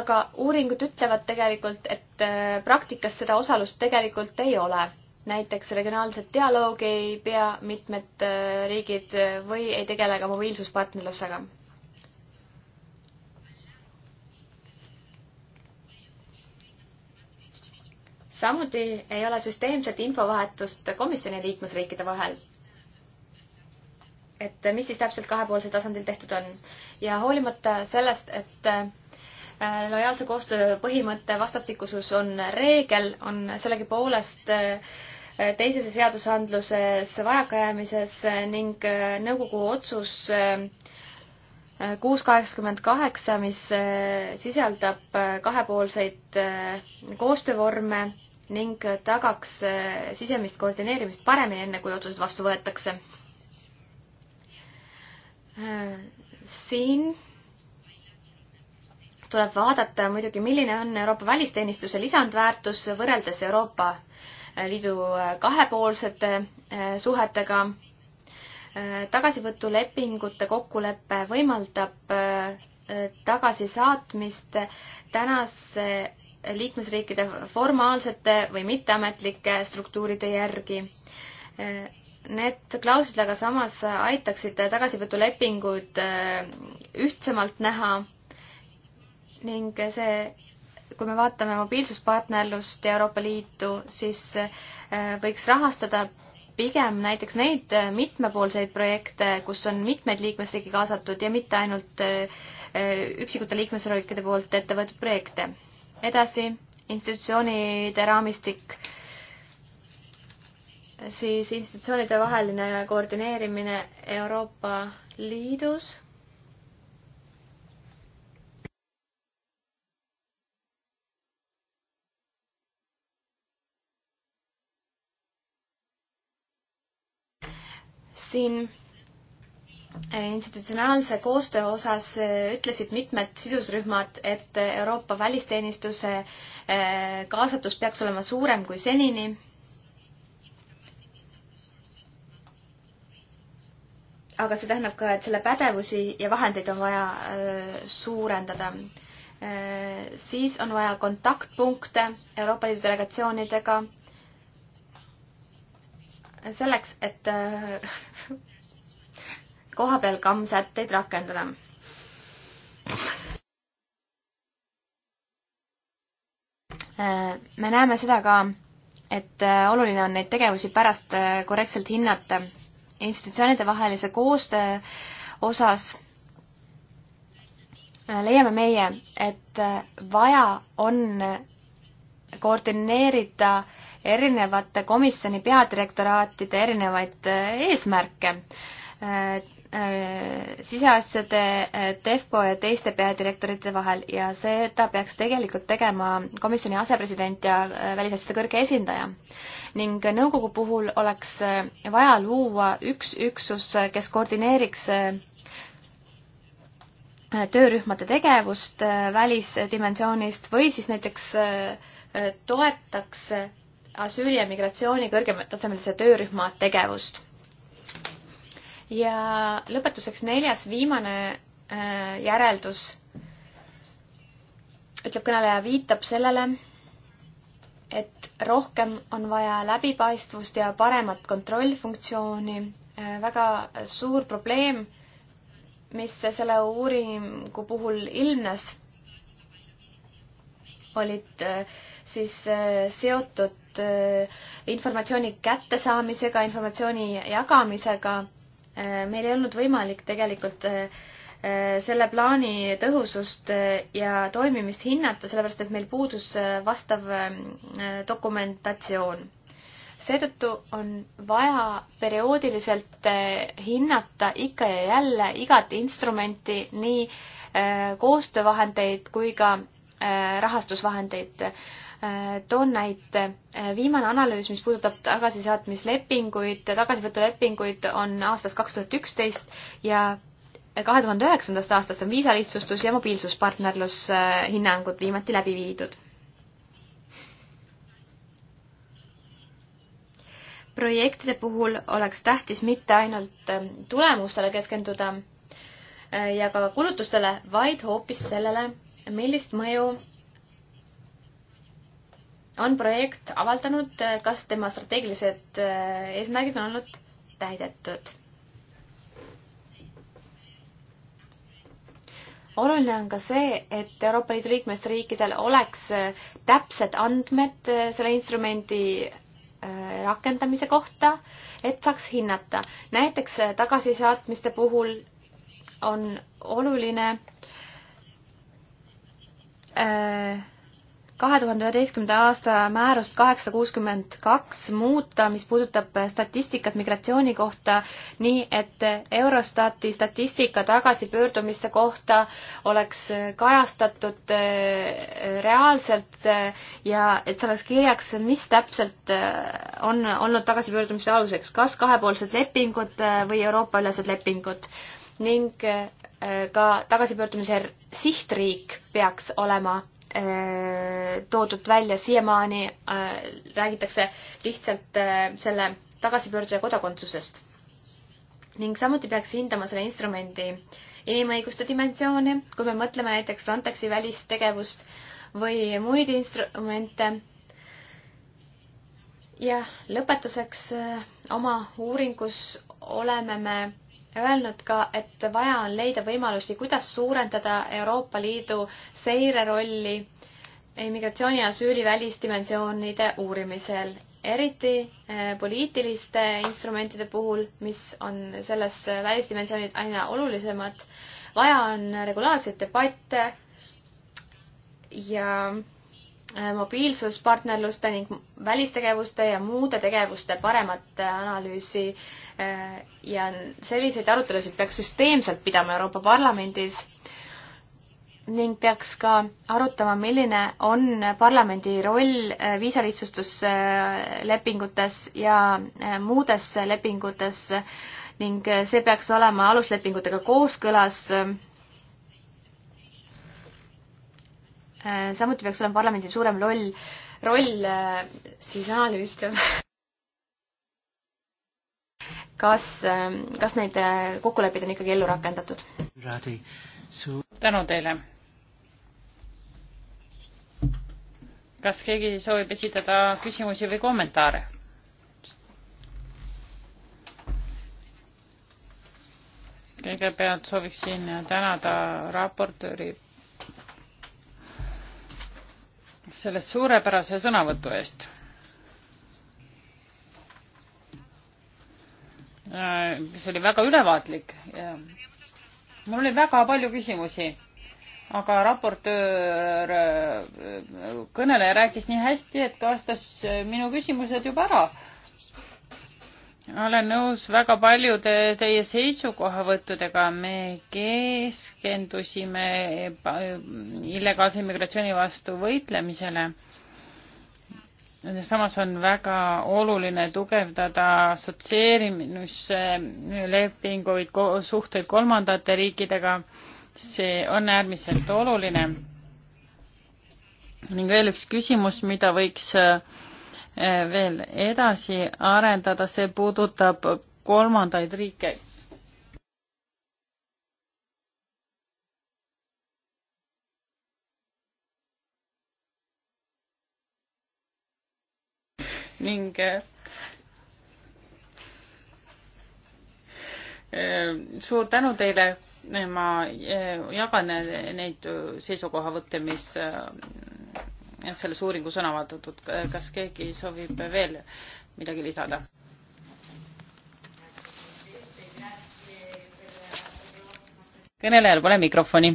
aga uuringud ütlevad tegelikult, et äh, praktikas seda osalust tegelikult ei ole näiteks regionaalset dialoogi ei pea mitmed äh, riigid äh, või ei tegele ka mobiilsuspartnerlusega. samuti ei ole süsteemset infovahetust komisjoni liikmesriikide vahel. et äh, mis siis täpselt kahepoolsel tasandil tehtud on ja hoolimata sellest, et lojaalse koostöö põhimõtte vastastikusus on reegel, on sellegipoolest äh, teises seadusandluses vajakajäämises ning äh, nõukogu otsus äh, kuus kaheksakümmend kaheksa, mis äh, sisaldab kahepoolseid koostöövorme ning tagaks sisemist koordineerimist paremini, enne kui otsused vastu võetakse. siin tuleb vaadata muidugi, milline on Euroopa välisteenistuse lisandväärtus võrreldes Euroopa Liidu äh, kahepoolsete äh, suhetega. Äh, tagasivõtulepingute kokkulepe võimaldab tagasisaatmist tänase liikmesriikide formaalsete või mitteametlike struktuuride järgi. Need klauslid aga samas aitaksid tagasivõtulepingud ühtsemalt näha ning see kui me vaatame mobiilsuspartnerlust ja Euroopa Liitu, siis äh, võiks rahastada pigem näiteks neid äh, mitmepoolseid projekte, kus on mitmeid liikmesriike kaasatud ja mitte ainult äh, üksikute liikmesriikide poolt ette võetud projekte. edasi, institutsioonide raamistik, siis institutsioonide vaheline koordineerimine Euroopa Liidus siin äh, institutsionaalse koostöö osas äh, ütlesid mitmed sidusrühmad, et Euroopa välisteenistuse äh, kaasatus peaks olema suurem kui senini. aga see tähendab ka, et selle pädevusi ja vahendeid on vaja suurendada. siis on vaja kontaktpunkte Euroopa Liidu delegatsioonidega selleks, et äh, koha peal kamm sätteid rakendada. Äh, me näeme seda ka, et äh, oluline on neid tegevusi pärast korrektselt hinnata institutsioonide vahelise koostöö osas leiame meie, et vaja on koordineerida äh, erinevate komisjoni peadirektoraatide erinevaid äh, eesmärke. Äh, äh, siseasjade Defco ja teiste peadirektorite vahel ja seda peaks tegelikult tegema komisjoni asepresident ja välisasjade kõrge esindaja. ning nõukogu puhul oleks vaja luua üks üksus, kes koordineeriks töörühmade tegevust välisdimensioonist või siis näiteks toetaks asüüli ja migratsiooni kõrgematasemelise töörühma tegevust. ja lõpetuseks neljas, viimane äh, järeldus, ütleb kõneleja, viitab sellele, et rohkem on vaja läbipaistvust ja paremat kontrollfunktsiooni. Äh, väga suur probleem, mis selle uuringu puhul ilmnes, olid äh, siis äh, seotud äh, informatsiooni kättesaamisega, informatsiooni jagamisega. Äh, meil ei olnud võimalik tegelikult selle plaani tõhusust ja toimimist hinnata, sellepärast et meil puudus vastav ähm, dokumentatsioon. seetõttu on vaja perioodiliselt hinnata ikka ja jälle igat instrumenti, nii koostöövahendeid kui ka rahastusvahendeid Äh, toon näite. Äh, viimane analüüs, mis puudutab tagasisaatmislepinguid, tagasivõtulepinguid, on aastast kaks tuhat üksteist ja kahe tuhande üheksandast aastast on viisalihtsustus ja mobiilsuspartnerlus äh, hinnangud viimati läbi viidud. projektide puhul oleks tähtis mitte ainult ähm, tulemustele keskenduda ja ka kulutustele, vaid hoopis sellele, millist mõju on projekt avaldanud, kas tema strateegilised eh, eesmärgid on olnud täidetud. oluline on ka see, et Euroopa Liidu liikmesriikidel oleks eh, täpsed andmed eh, selle instrumendi rakendamise kohta, et saaks hinnata. näiteks tagasisaatmiste puhul on oluline äh, kahe tuhande üheteistkümnenda aasta määrust kaheksa kuuskümmend kaks muuta, mis puudutab statistikat migratsiooni kohta, nii et Eurostati statistika tagasipöördumiste kohta oleks kajastatud äh, reaalselt äh, ja et see oleks kirjaks, mis täpselt äh, on olnud tagasipöördumiste aluseks, kas kahepoolsed lepingud või Euroopa-ülesed lepingud ning ka tagasipöördumise sihtriik peaks olema Äh, toodud välja, siiamaani äh, räägitakse lihtsalt äh, selle tagasipöörduja kodakondsusest. ning samuti peaks hindama selle instrumendi inimõiguste dimensiooni, kui me mõtleme näiteks Frontexi välistegevust või muid instrumente. ja lõpetuseks oma uuringus oleme me öelnud ka, et vaja on leida võimalusi, kuidas suurendada Euroopa Liidu seirerolli immigratsiooni ja asüüli välisdimensioonide uurimisel, eriti eh, poliitiliste instrumentide puhul, mis on selles välisdimensioonid aina olulisemad. vaja on regulaarseid debatte ja eh, mobiilsuspartnerluste ning välistegevuste ja muude tegevuste paremat eh, analüüsi Äh, ja selliseid arutelusid peaks süsteemselt pidama Euroopa Parlamendis ning peaks ka arutama, milline on parlamendi roll äh, viisalihtsustuslepingutes ja äh, muudes lepingutes ning see peaks olema aluslepingutega kooskõlas. samuti peaks olema parlamendil suurem roll, roll siis analüüsida kas, ähm, kas neid äh, kokkuleppeid on ikkagi ellu rakendatud? tänu teile. kas keegi soovib esitada küsimusi või kommentaare? kõigepealt sooviksin tänada raportööri selle suurepärase sõnavõtu eest Äh, see oli väga ülevaatlik. mul oli väga palju küsimusi, aga raportöör, äh, kõneleja rääkis nii hästi, et vastas äh, minu küsimused juba ära. olen nõus väga paljude teie seisukohavõttudega, me keskendusime illegaalse immigratsiooni vastu võitlemisele samas on väga oluline tugevdada assotsieerimislepinguid, suhteid kolmandate riikidega. see on äärmiselt oluline. ning veel üks küsimus, mida võiks äh, veel edasi arendada, see puudutab kolmandaid riike ning eh, eh, suur tänu teile, ma eh, jagan neid seisukohavõtte, mis selles uuringus on avaldatud. kas keegi soovib veel midagi lisada? kõnelejal pole mikrofoni.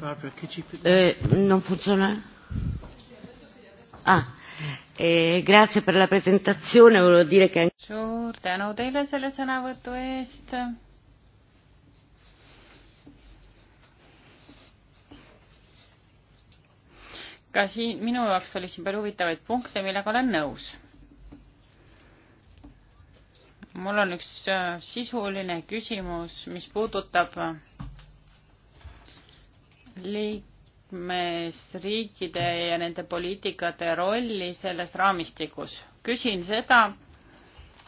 Barbara, could you put... Uh, non funziona? ah, eh, grazie per la presentazione, volevo dire che suur tänu teile selle sõnavõtu eest. ka siin minu jaoks oli siin palju huvitavaid punkte, millega olen nõus. mul on üks äh, sisuline küsimus, mis puudutab liik-, liikmesriikide ja nende poliitikate rolli selles raamistikus. küsin seda,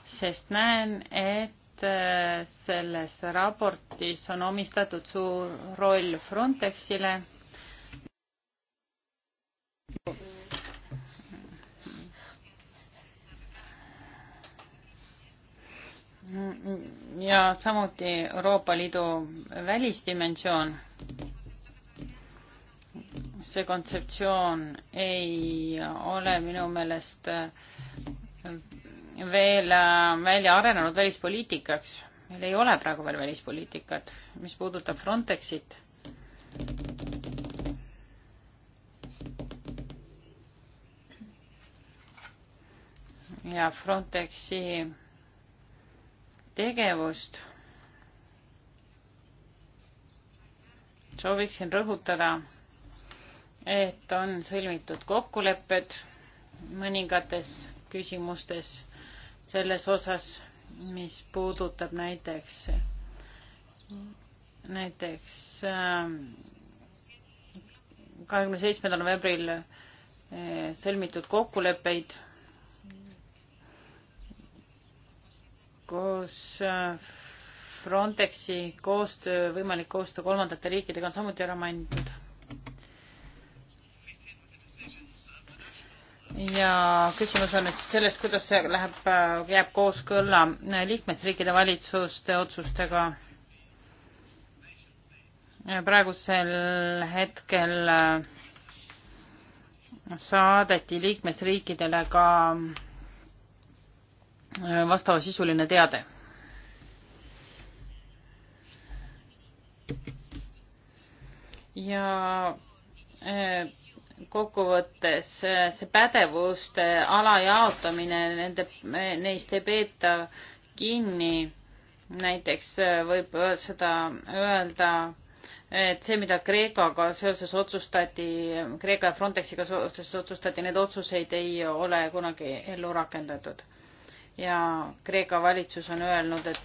sest näen, et äh, selles raportis on omistatud suur roll Frontexile. ja samuti Euroopa Liidu välisdimensioon see kontseptsioon ei ole minu meelest äh, veel äh, välja arenenud välispoliitikaks. meil ei ole praegu veel välispoliitikat, mis puudutab Frontexit. ja Frontexi tegevust sooviksin rõhutada et on sõlmitud kokkulepped mõningates küsimustes selles osas, mis puudutab näiteks, näiteks äh, kahekümne seitsmendal novembril äh, sõlmitud kokkuleppeid, kus äh, Frontexi koostöö, võimalik koostöö kolmandate riikidega on samuti ära mainitud ja küsimus on nüüd siis selles, kuidas see läheb, äh, jääb kooskõlla äh, liikmesriikide valitsuste otsustega. praegusel hetkel äh, saadeti liikmesriikidele ka vastavasisuline teade. ja kokkuvõttes äh, see pädevuste alajaotamine, nende, neist ei peeta kinni. näiteks äh, võib seda öelda, et see, mida Kreekaga seoses otsustati, Kreeka ja Frontexiga seoses otsustati, need otsuseid ei ole kunagi ellu rakendatud. ja Kreeka valitsus on öelnud, et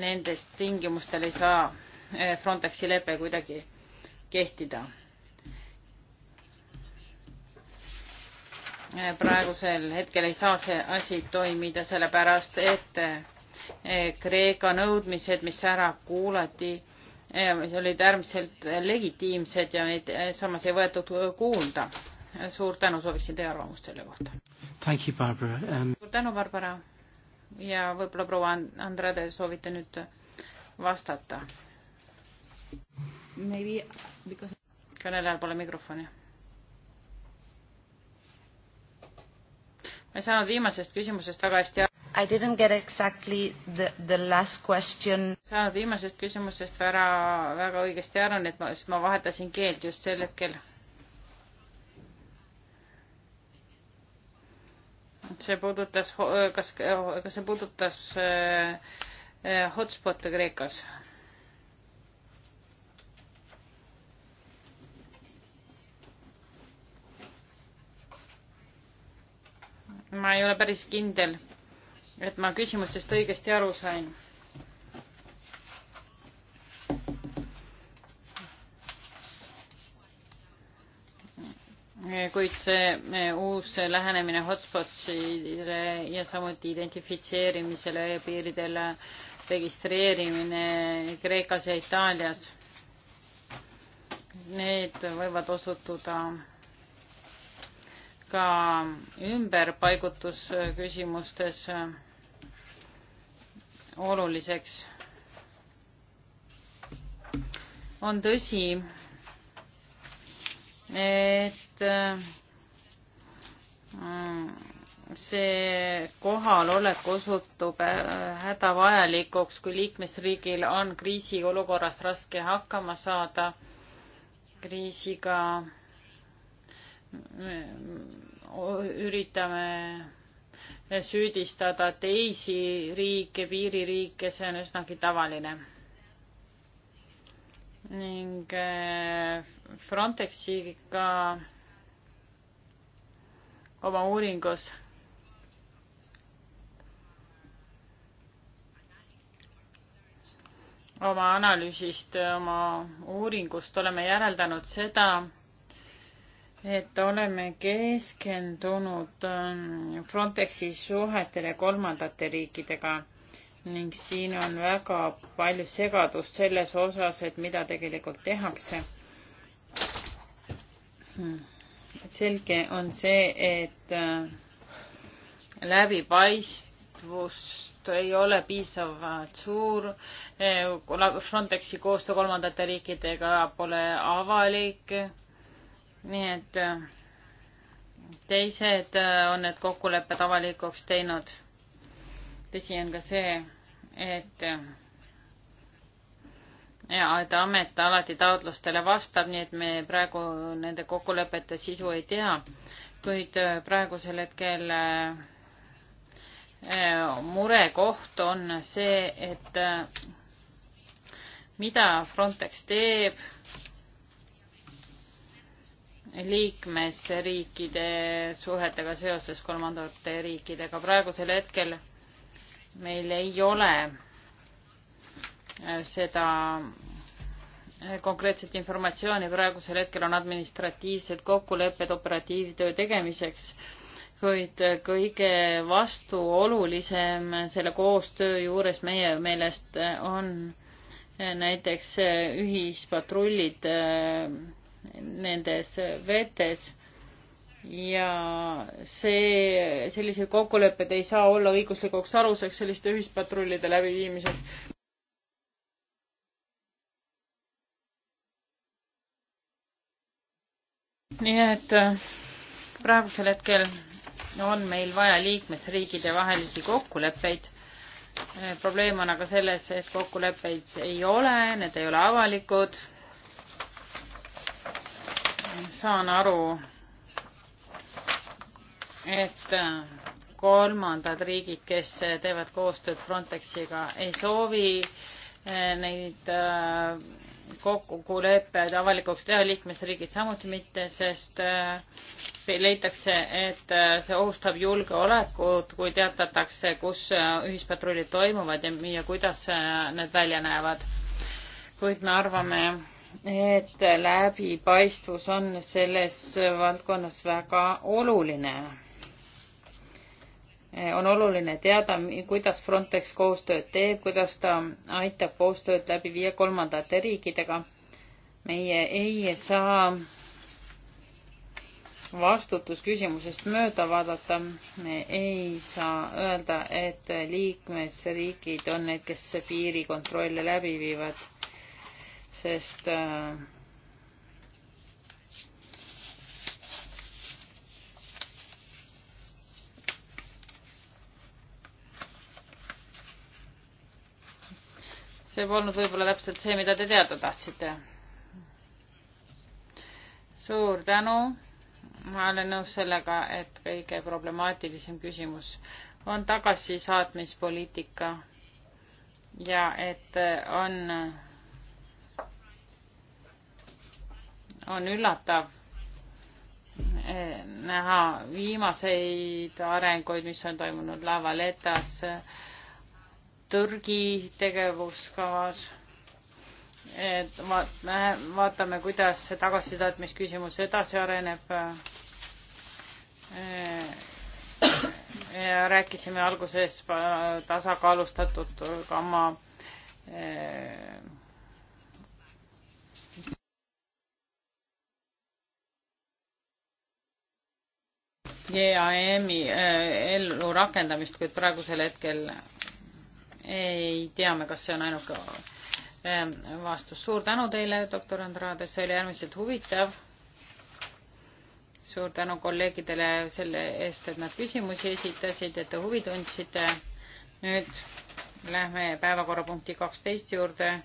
nendest tingimustel ei saa äh, Frontexi lepe kuidagi kehtida Eh, praegusel hetkel ei saa see asi toimida, sellepärast et eh, Kreeka nõudmised, mis ära kuulati, eh, olid äärmiselt legitiimsed ja neid samas ei võetud kuulda. suur tänu, sooviksin teie arvamust selle kohta. Um... suur tänu, Barbara. ja võib-olla proua Andrade soovite nüüd vastata. kõnelejal pole mikrofoni ma ei saanud viimasest küsimusest väga hästi aru. I didn't get exactly the, the last question. saanud viimasest küsimusest ära väga õigesti aru, nii et ma, sest ma vahetasin keelt just sel hetkel. see puudutas, kas, kas see puudutas äh, äh hotspot'e Kreekas? ma ei ole päris kindel, et ma küsimustest õigesti aru sain. kuid see uus lähenemine hotspotsile ja samuti identifitseerimisele piiridel registreerimine Kreekas ja Itaalias, need võivad osutuda ka ümberpaigutusküsimustes oluliseks. on tõsi, et äh, see kohalolek osutub äh, hädavajalikuks, kui liikmesriigil on kriisiolukorras raske hakkama saada kriisiga üritame süüdistada teisi riike, piiririike, see on üsnagi tavaline. ning eh, Frontexiga oma uuringus oma analüüsist, oma uuringust oleme järeldanud seda, et oleme keskendunud ähm, Frontexi suhetele kolmandate riikidega ning siin on väga palju segadust selles osas, et mida tegelikult tehakse. Hmm. selge on see, et äh, läbipaistvust ei ole piisavalt suur. Äh, Frontexi koostöö kolmandate riikidega pole avalik nii et äh, teised äh, on need kokkulepped avalikuks teinud. tõsi on ka see, et äh, ja et amet alati taotlustele vastab, nii et me praegu nende kokkulepete sisu ei tea, kuid praegusel hetkel murekoht on see, et mida Frontex teeb liikmesriikide suhetega seoses kolmandate riikidega. praegusel hetkel meil ei ole äh, seda äh, konkreetset informatsiooni, praegusel hetkel on administratiivsed kokkulepped operatiivtöö tegemiseks, kuid äh, kõige vastuolulisem selle koostöö juures meie meelest on näiteks ühispatrullid nendes vetes ja see, sellised kokkulepped ei saa olla õiguslikuks aluseks selliste ühispatrullide läbiviimiseks. nii et äh, praegusel hetkel on meil vaja liikmesriikide vahelisi kokkuleppeid. Äh, probleem on aga selles, et kokkuleppeid ei ole, need ei ole avalikud saan aru, et äh, kolmandad riigid, kes teevad koostööd Frontexiga, ei soovi äh, neid äh, kokkuleppeid avalikuks teha, liikmesriigid samuti mitte, sest leitakse, et see ohustab julgeolekut, kui teatatakse, kus ühispatrullid toimuvad ja, ja kuidas need välja näevad. kuid me arvame, et läbipaistvus on selles valdkonnas väga oluline. on oluline teada, kuidas Frontex koostööd teeb, kuidas ta aitab koostööd läbi viia kolmandate riikidega. meie ei saa vastutusküsimusest mööda vaadata, me ei saa öelda, et liikmesriigid on need, kes piirikontrolle läbi viivad sest äh, see polnud võib-olla täpselt see, mida te teada tahtsite. suur tänu. ma olen nõus sellega, et kõige problemaatilisem küsimus on tagasisaatmispoliitika ja et on on üllatav eh, näha viimaseid arenguid, mis on toimunud Lavaletas, Türgi tegevuskavas. et vaatame, kuidas see tagasisaatmisküsimus edasi areneb. Eh, rääkisime alguses tasakaalustatud gamma ka eh, EAM-i äh, ellu rakendamist, kuid praegusel hetkel ei tea me, kas see on ainuke ähm, vastus. suur tänu teile, doktor Andrade, see oli äärmiselt huvitav. suur tänu kolleegidele selle eest, et nad küsimusi esitasid, et te huvi tundsite. nüüd lähme päevakorrapunkti kaksteist juurde.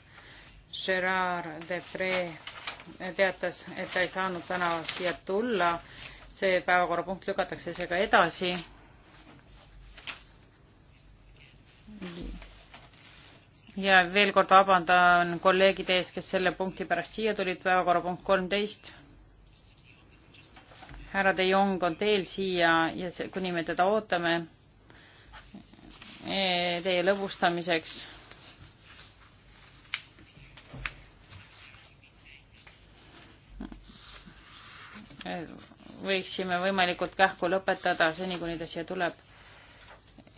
Gerard Depre teatas, et ta ei saanud täna siia tulla see päevakorrapunkt lükatakse seega edasi. ja veel kord vabandan kolleegide ees, kes selle punkti pärast siia tulid, päevakorrapunkt kolmteist. härra De Jong on teel siia ja see, kuni me teda ootame eh, teie lõbustamiseks võiksime võimalikult kähku lõpetada seni, kuni ta siia tuleb.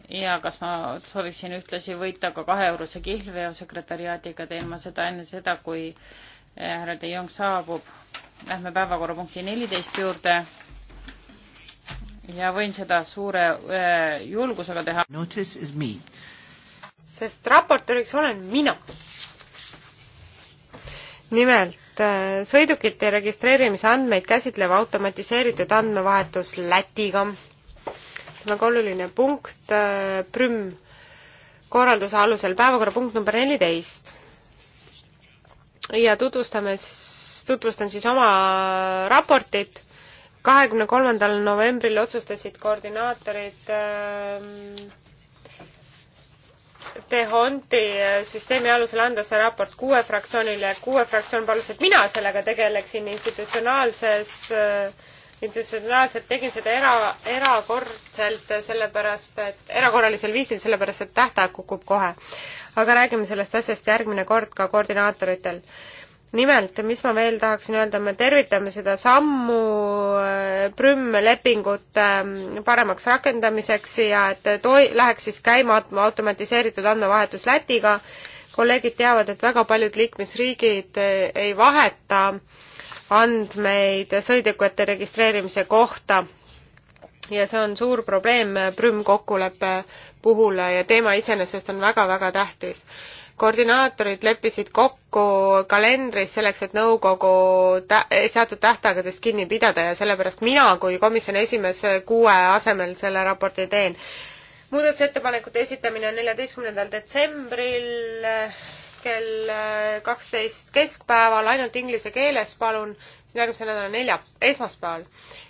ja kas ma sooviksin ühtlasi võita ka kaheeurose kihlveo sekretäriaadiga, teen ma seda enne seda, kui eh, härra De Jong saabub. Lähme päevakorrapunkti neliteist juurde ja võin seda suure äh, julgusega teha. sest raportööriks olen mina. nimelt Äh, sõidukite registreerimise andmeid käsitlev automatiseeritud andmevahetus Lätiga. see on väga oluline punkt äh, Prüm korralduse alusel, päevakorrapunkt number neliteist. ja tutvustame siis, tutvustan siis oma raportit. kahekümne kolmandal novembril otsustasid koordinaatorid äh, Tehonti eh, süsteemi alusel anda see raport kuue fraktsioonile. kuue fraktsioon palus, et mina sellega tegeleksin institutsionaalses, eh, institutsionaalselt tegin seda era, erakordselt, eh, sellepärast et, erakorralisel viisil, sellepärast et tähtaeg kukub kohe. aga räägime sellest asjast järgmine kord ka koordinaatoritel nimelt, mis ma veel tahaksin öelda, me tervitame seda sammu äh, Prüm lepingute ähm, paremaks rakendamiseks ja et toi-, läheks siis käima automatiseeritud andmevahetus Lätiga. kolleegid teavad, et väga paljud liikmesriigid äh, ei vaheta andmeid sõidukite registreerimise kohta ja see on suur probleem Prüm kokkuleppe puhul ja teema iseenesest on väga-väga tähtis koordinaatorid leppisid kokku kalendris selleks, et nõukogu tä-, seatud tähtaegadest kinni pidada ja sellepärast mina kui komisjoni esimees kuue asemel selle raporti teen. muudatusettepanekute esitamine on neljateistkümnendal detsembril eh, kell eh, kaksteist keskpäeval, ainult inglise keeles, palun, siis järgmise nädala nelja, esmaspäeval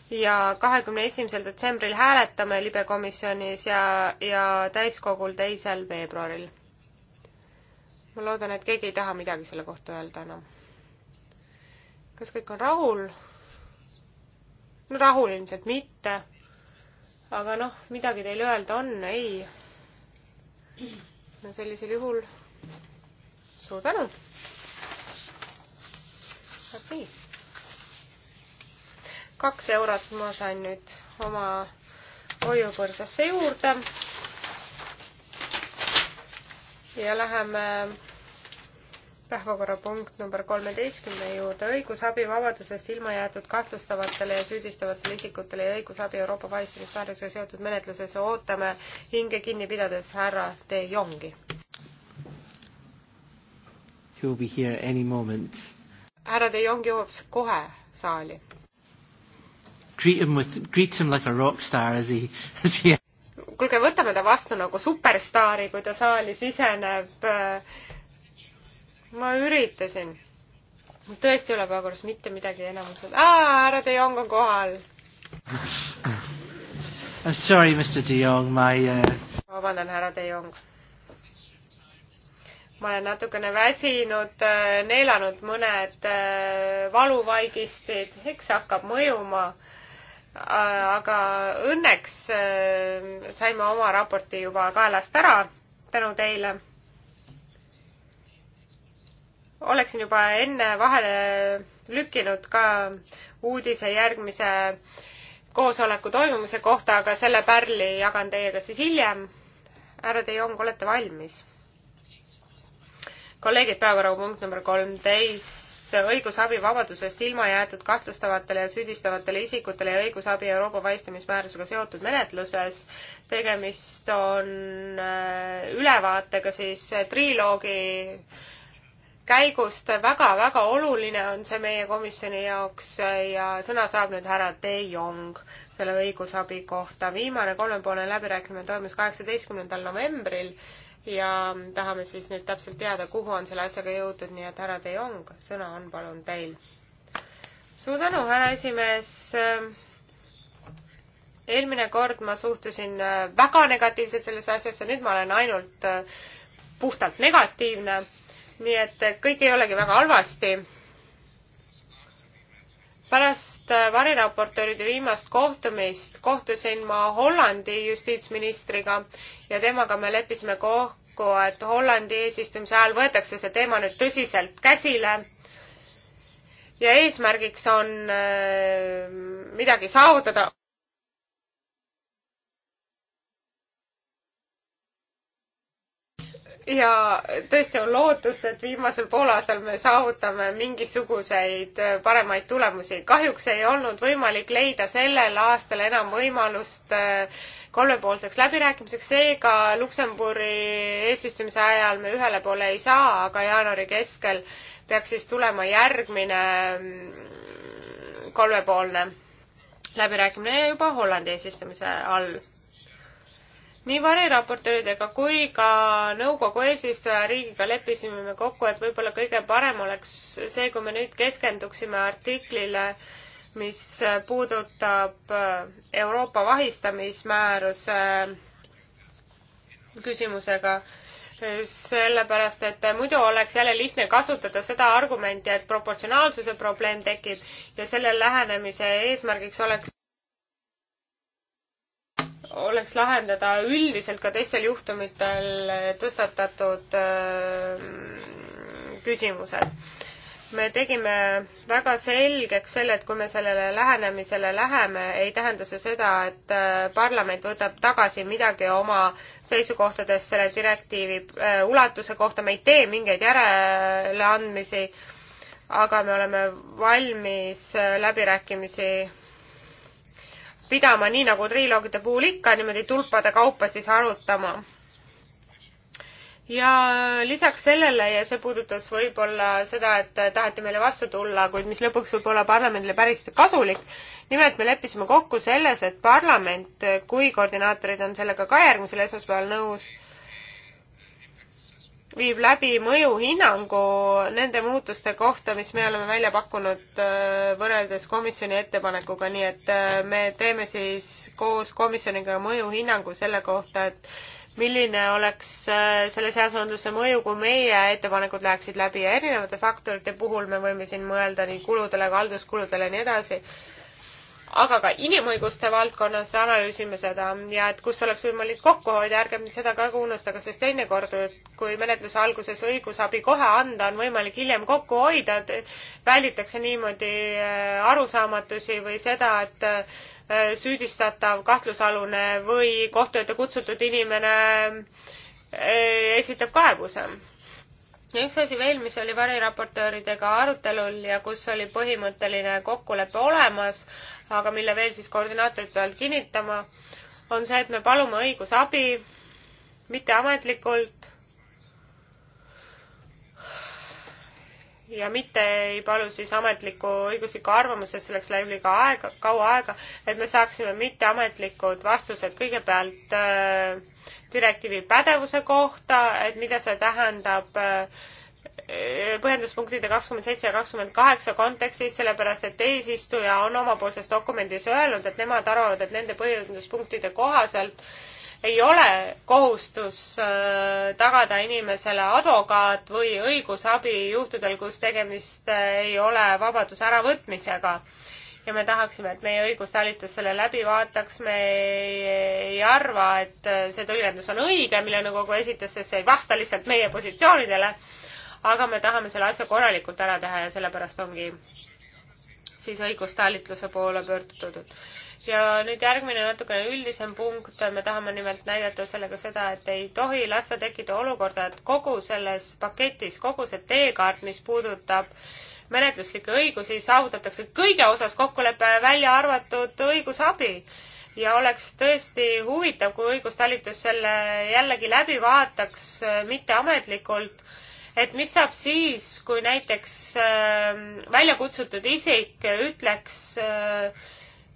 ja kahekümne esimesel detsembril hääletame libekomisjonis ja, ja täiskogul teisel veebruaril ma loodan, et keegi ei taha midagi selle kohta öelda enam no.. kas kõik on rahul? no rahul ilmselt mitte. aga noh, midagi teil öelda on, ei? no sellisel juhul suur tänu. okei. kaks eurot ma sain nüüd oma hoiupõrsasse juurde. ja läheme päevakorrapunkt number kolmeteistkümne juurde, õigusabi vabadusest ilma jäetud kahtlustavatele ja süüdistavatele isikutele ja õigusabi Euroopa valitsemisaadressiga seotud menetluses ootame hinge kinni pidades härra De Jongi. härra De Jong jõuab kohe saali. Greet him with, greet him like a rock star as he, as he kuulge, võtame ta vastu nagu superstaari, kui ta saali siseneb äh, ma üritasin. mul tõesti ei ole paguras mitte midagi enamus. aa, härra De Jong on kohal. I m sorry, Mr De Jong, my uh.... vabandan, härra De Jong. ma olen natukene väsinud, äh, neelanud mõned äh, valuvaigistid, eks hakkab mõjuma äh, aga õnneks saime oma raporti juba kaelast ära tänu teile oleksin juba enne vahele lükkinud ka uudise järgmise koosoleku toimumise kohta, aga selle pärli jagan teiega siis hiljem. härra De Jong, olete valmis? kolleegid, päevakorrapunkt number kolmteist, õigusabi vabadusest ilma jäetud kahtlustavatele ja süüdistavatele isikutele ja õigusabi Euroopa vaistamismäärusega seotud menetluses. tegemist on äh, ülevaatega siis triloogi äh, käigust väga-väga oluline on see meie komisjoni jaoks ja sõna saab nüüd härra De Jong selle õigusabi kohta. viimane kolmepoolne läbirääkimine toimus kaheksateistkümnendal novembril ja tahame siis nüüd täpselt teada, kuhu on selle asjaga jõutud, nii et härra De Jong, sõna on palun teil. suur tänu, härra esimees. eelmine kord ma suhtusin väga negatiivselt sellesse asjasse, nüüd ma olen ainult puhtalt negatiivne nii et kõik ei olegi väga halvasti. pärast äh, variraportööride viimast kohtumist kohtusin ma Hollandi justiitsministriga ja temaga me leppisime kokku, et Hollandi eesistumise ajal võetakse see teema nüüd tõsiselt käsile ja eesmärgiks on äh, midagi saavutada. ja tõesti on lootust, et viimasel poolaastal me saavutame mingisuguseid äh, paremaid tulemusi. kahjuks ei olnud võimalik leida sellel aastal enam võimalust äh, kolmepoolseks läbirääkimiseks, seega Luksemburi eesistumise ajal me ühele poole ei saa, aga jaanuari keskel peaks siis tulema järgmine mm, kolmepoolne läbirääkimine juba Hollandi eesistumise all nii variraportööridega kui ka nõukogu eesistujariigiga leppisime me kokku, et võib-olla kõige parem oleks see, kui me nüüd keskenduksime artiklile, mis puudutab äh, Euroopa vahistamismääruse äh, küsimusega, sellepärast et äh, muidu oleks jälle lihtne kasutada seda argumenti, et proportsionaalsuse probleem tekib ja selle lähenemise eesmärgiks oleks oleks lahendada üldiselt ka teistel juhtumitel tõstatatud äh, küsimused. me tegime väga selgeks selle, et kui me sellele lähenemisele läheme, ei tähenda see seda, et äh, parlament võtab tagasi midagi oma seisukohtadest selle direktiivi äh, ulatuse kohta, me ei tee mingeid järeleandmisi, aga me oleme valmis läbirääkimisi pidama nii nagu triloogide puhul ikka, niimoodi tulpade kaupa siis arutama. ja lisaks sellele ja see puudutas võib-olla seda, et taheti meile vastu tulla, kuid mis lõpuks võib olla parlamendile päris kasulik. nimelt me leppisime kokku selles, et parlament, kui koordinaatorid on sellega ka järgmisel esmaspäeval nõus, viib läbi mõjuhinnangu nende muutuste kohta, mis me oleme välja pakkunud äh, võrreldes komisjoni ettepanekuga, nii et äh, me teeme siis koos komisjoniga mõjuhinnangu selle kohta, et milline oleks äh, selle seadusandluse mõju, kui meie ettepanekud läheksid läbi ja erinevate faktorite puhul me võime siin mõelda nii kuludele, halduskuludele ja nii edasi aga ka inimõiguste valdkonnas analüüsime seda ja et kus oleks võimalik kokku hoida, ärgem seda ka unustage, sest teinekord, kui menetluse alguses õigusabi kohe anda, on võimalik hiljem kokku hoida, välditakse niimoodi äh, arusaamatusi või seda, et äh, süüdistatav, kahtlusalune või kohtu ette kutsutud inimene äh, esitab kaebuse ja üks asi veel, mis oli variraportööridega arutelul ja kus oli põhimõtteline kokkulepe olemas, aga mille veel siis koordinaatorid peavad kinnitama, on see, et me palume õigusabi mitteametlikult ja mitte ei palu siis ametlikku õiguslikku arvamust, sest selleks läheb liiga aega, kaua aega, et me saaksime mitteametlikud vastused kõigepealt äh, direktiivi pädevuse kohta, et mida see tähendab äh, põhjenduspunktide kakskümmend seitse ja kakskümmend kaheksa kontekstis, sellepärast et eesistuja on omapoolses dokumendis öelnud, et nemad arvavad, et nende põhjenduspunktide kohaselt ei ole kohustus äh, tagada inimesele advokaat või õigusabi juhtudel, kus tegemist äh, ei ole vabaduse äravõtmisega. ja me tahaksime, et meie õigustalitus selle läbi vaataks, me ei arva, et äh, see tõlgendus on õige, mille nõukogu esitas, sest see ei vasta lihtsalt meie positsioonidele aga me tahame selle asja korralikult ära teha ja sellepärast ongi siis õigustalitluse poole pöördutud. ja nüüd järgmine natukene üldisem punkt, me tahame nimelt näidata sellega seda, et ei tohi lasta tekkida olukorda, et kogu selles paketis, kogu see teekaart, mis puudutab menetluslikke õigusi, saavutatakse kõige osas kokkulepe, välja arvatud õigusabi ja oleks tõesti huvitav, kui õigustalitus selle jällegi läbi vaataks mitteametlikult et mis saab siis, kui näiteks äh, välja kutsutud isik ütleks äh,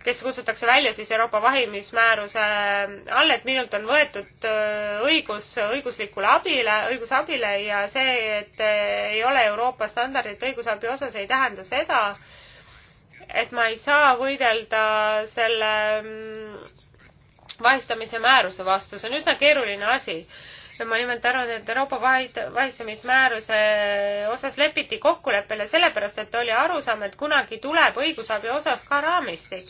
kes kutsutakse välja siis Euroopa vahimismääruse äh, all, et minult on võetud äh, õigus õiguslikule abile, õigusabile ja see, et äh, ei ole Euroopa standardit õigusabi osas, ei tähenda seda, et ma ei saa võidelda selle mm, vahistamise määruse vastu, see on üsna keeruline asi ma nimelt arvan, et Euroopa vahistamismääruse osas lepiti kokkuleppele sellepärast, et oli arusaam, et kunagi tuleb õigusabi osas ka raamistik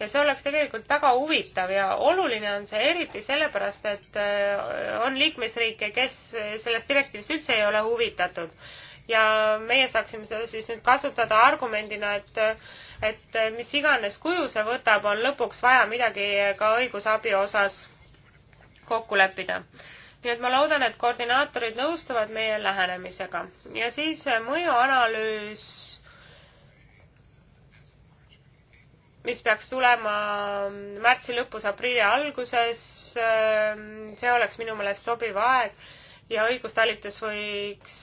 ja see oleks tegelikult väga huvitav ja oluline on see eriti sellepärast, et äh, on liikmesriike, kes sellest direktiivist üldse ei ole huvitatud. ja meie saaksime seda siis nüüd kasutada argumendina, et, et mis iganes kuju see võtab, on lõpuks vaja midagi ka õigusabi osas kokku leppida nii et ma loodan, et koordinaatorid nõustuvad meie lähenemisega ja siis äh, mõjuanalüüs, mis peaks tulema mm, märtsi lõpus, aprilli alguses. Ähm, see oleks minu meelest sobiv aeg ja õigustalitus võiks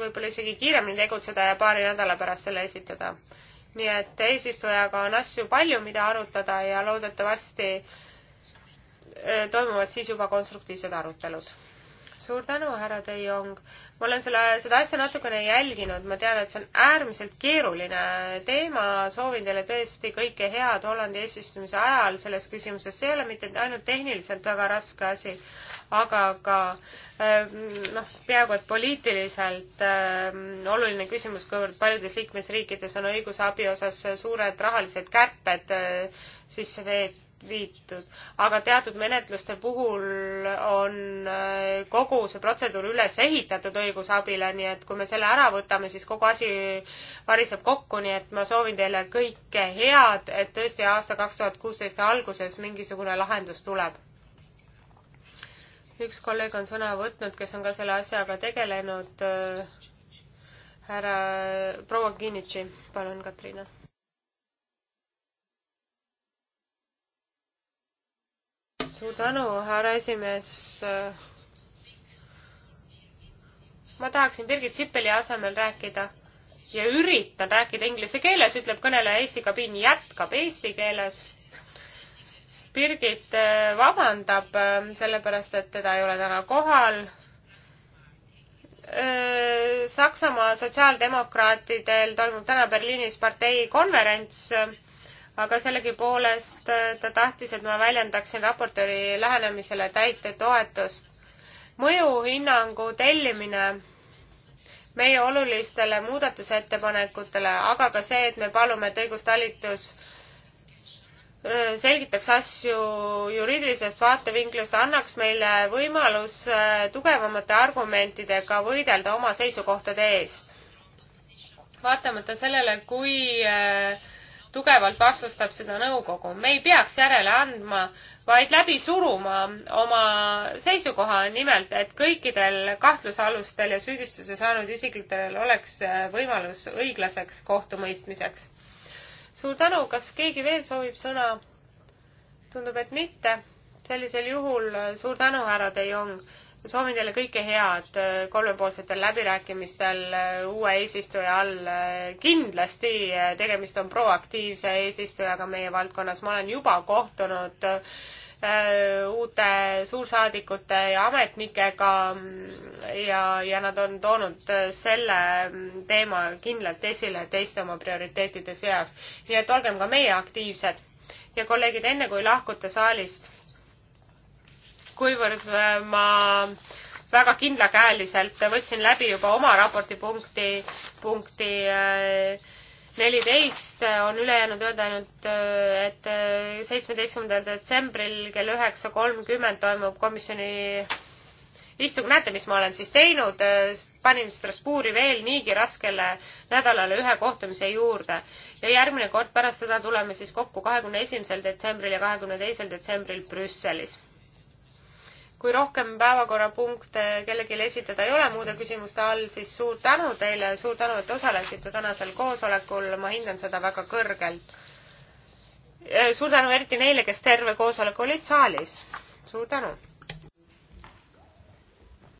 võib-olla isegi kiiremini tegutseda ja paari nädala pärast selle esitada. nii et eesistujaga on asju palju, mida arutada ja loodetavasti äh, Äh, toimuvad siis juba konstruktiivsed arutelud. suur tänu, härra De Jong. ma olen selle, seda asja natukene jälginud, ma tean, et see on äärmiselt keeruline teema, soovin teile tõesti kõike head Hollandi eesistumise ajal selles küsimuses, see ei ole mitte ainult tehniliselt väga raske asi, aga ka ähm, noh, peaaegu et poliitiliselt äh, oluline küsimus, kuivõrd paljudes liikmesriikides on õigusabi osas suured rahalised kärped äh, sisse veetud liitud, aga teatud menetluste puhul on äh, kogu see protseduur üles ehitatud õigusabile, nii et kui me selle ära võtame, siis kogu asi variseb kokku, nii et ma soovin teile kõike head, et tõesti aasta kaks tuhat kuusteist alguses mingisugune lahendus tuleb. üks kolleeg on sõna võtnud, kes on ka selle asjaga tegelenud. Äh, härra proua Kinnitši, palun, Katriina suur tänu, härra esimees. ma tahaksin Birgit Sippeli asemel rääkida ja üritan rääkida inglise keeles, ütleb kõneleja, Eesti kabiin jätkab eesti keeles. Birgit äh, vabandab äh, sellepärast, et teda ei ole täna kohal. Äh, Saksamaa sotsiaaldemokraatidel toimub täna Berliinis partei konverents aga sellegipoolest äh, ta tahtis, et ma väljendaksin raportööri lähenemisele täite toetust. mõjuhinnangu tellimine meie olulistele muudatusettepanekutele, aga ka see, et me palume, et õigustalitus äh, selgitaks asju juriidilisest vaatevinklist, annaks meile võimalus äh, tugevamate argumentidega võidelda oma seisukohtade eest. vaatamata sellele, kui äh, tugevalt vastustab seda nõukogu. me ei peaks järele andma, vaid läbi suruma oma seisukoha, nimelt et kõikidel kahtlusalustel ja süüdistuse saanud isikutel oleks võimalus õiglaseks kohtumõistmiseks. suur tänu, kas keegi veel soovib sõna? tundub, et mitte. sellisel juhul suur tänu, härra De Jong soovin teile kõike head äh, kolmepoolsetel läbirääkimistel äh, uue eesistuja all. Äh, kindlasti tegemist on proaktiivse eesistujaga meie valdkonnas, ma olen juba kohtunud uute suursaadikute ja ametnikega mm, ja, ja nad on toonud selle mm, teema kindlalt esile teiste oma prioriteetide seas. nii et olgem ka meie aktiivsed. ja kolleegid, enne kui lahkute saalist kuivõrd äh, ma väga kindlakäeliselt võtsin läbi juba oma raporti punkti, punkti äh, neliteist, on ülejäänud öelda ainult, äh, et seitsmeteistkümnendal detsembril kell üheksa kolmkümmend toimub komisjoni istung, näete, mis ma olen siis teinud, panin Strasbourgi veel niigi raskele nädalale ühe kohtumise juurde ja järgmine kord pärast seda tuleme siis kokku kahekümne esimesel detsembril ja kahekümne teisel detsembril Brüsselis kui rohkem päevakorrapunkte kellelgi esitada ei ole muude küsimuste all, siis suur tänu teile, suur tänu, et osalesite tänasel koosolekul, ma hindan seda väga kõrgelt. suur tänu eriti neile, kes terve koosoleku olid saalis. suur tänu!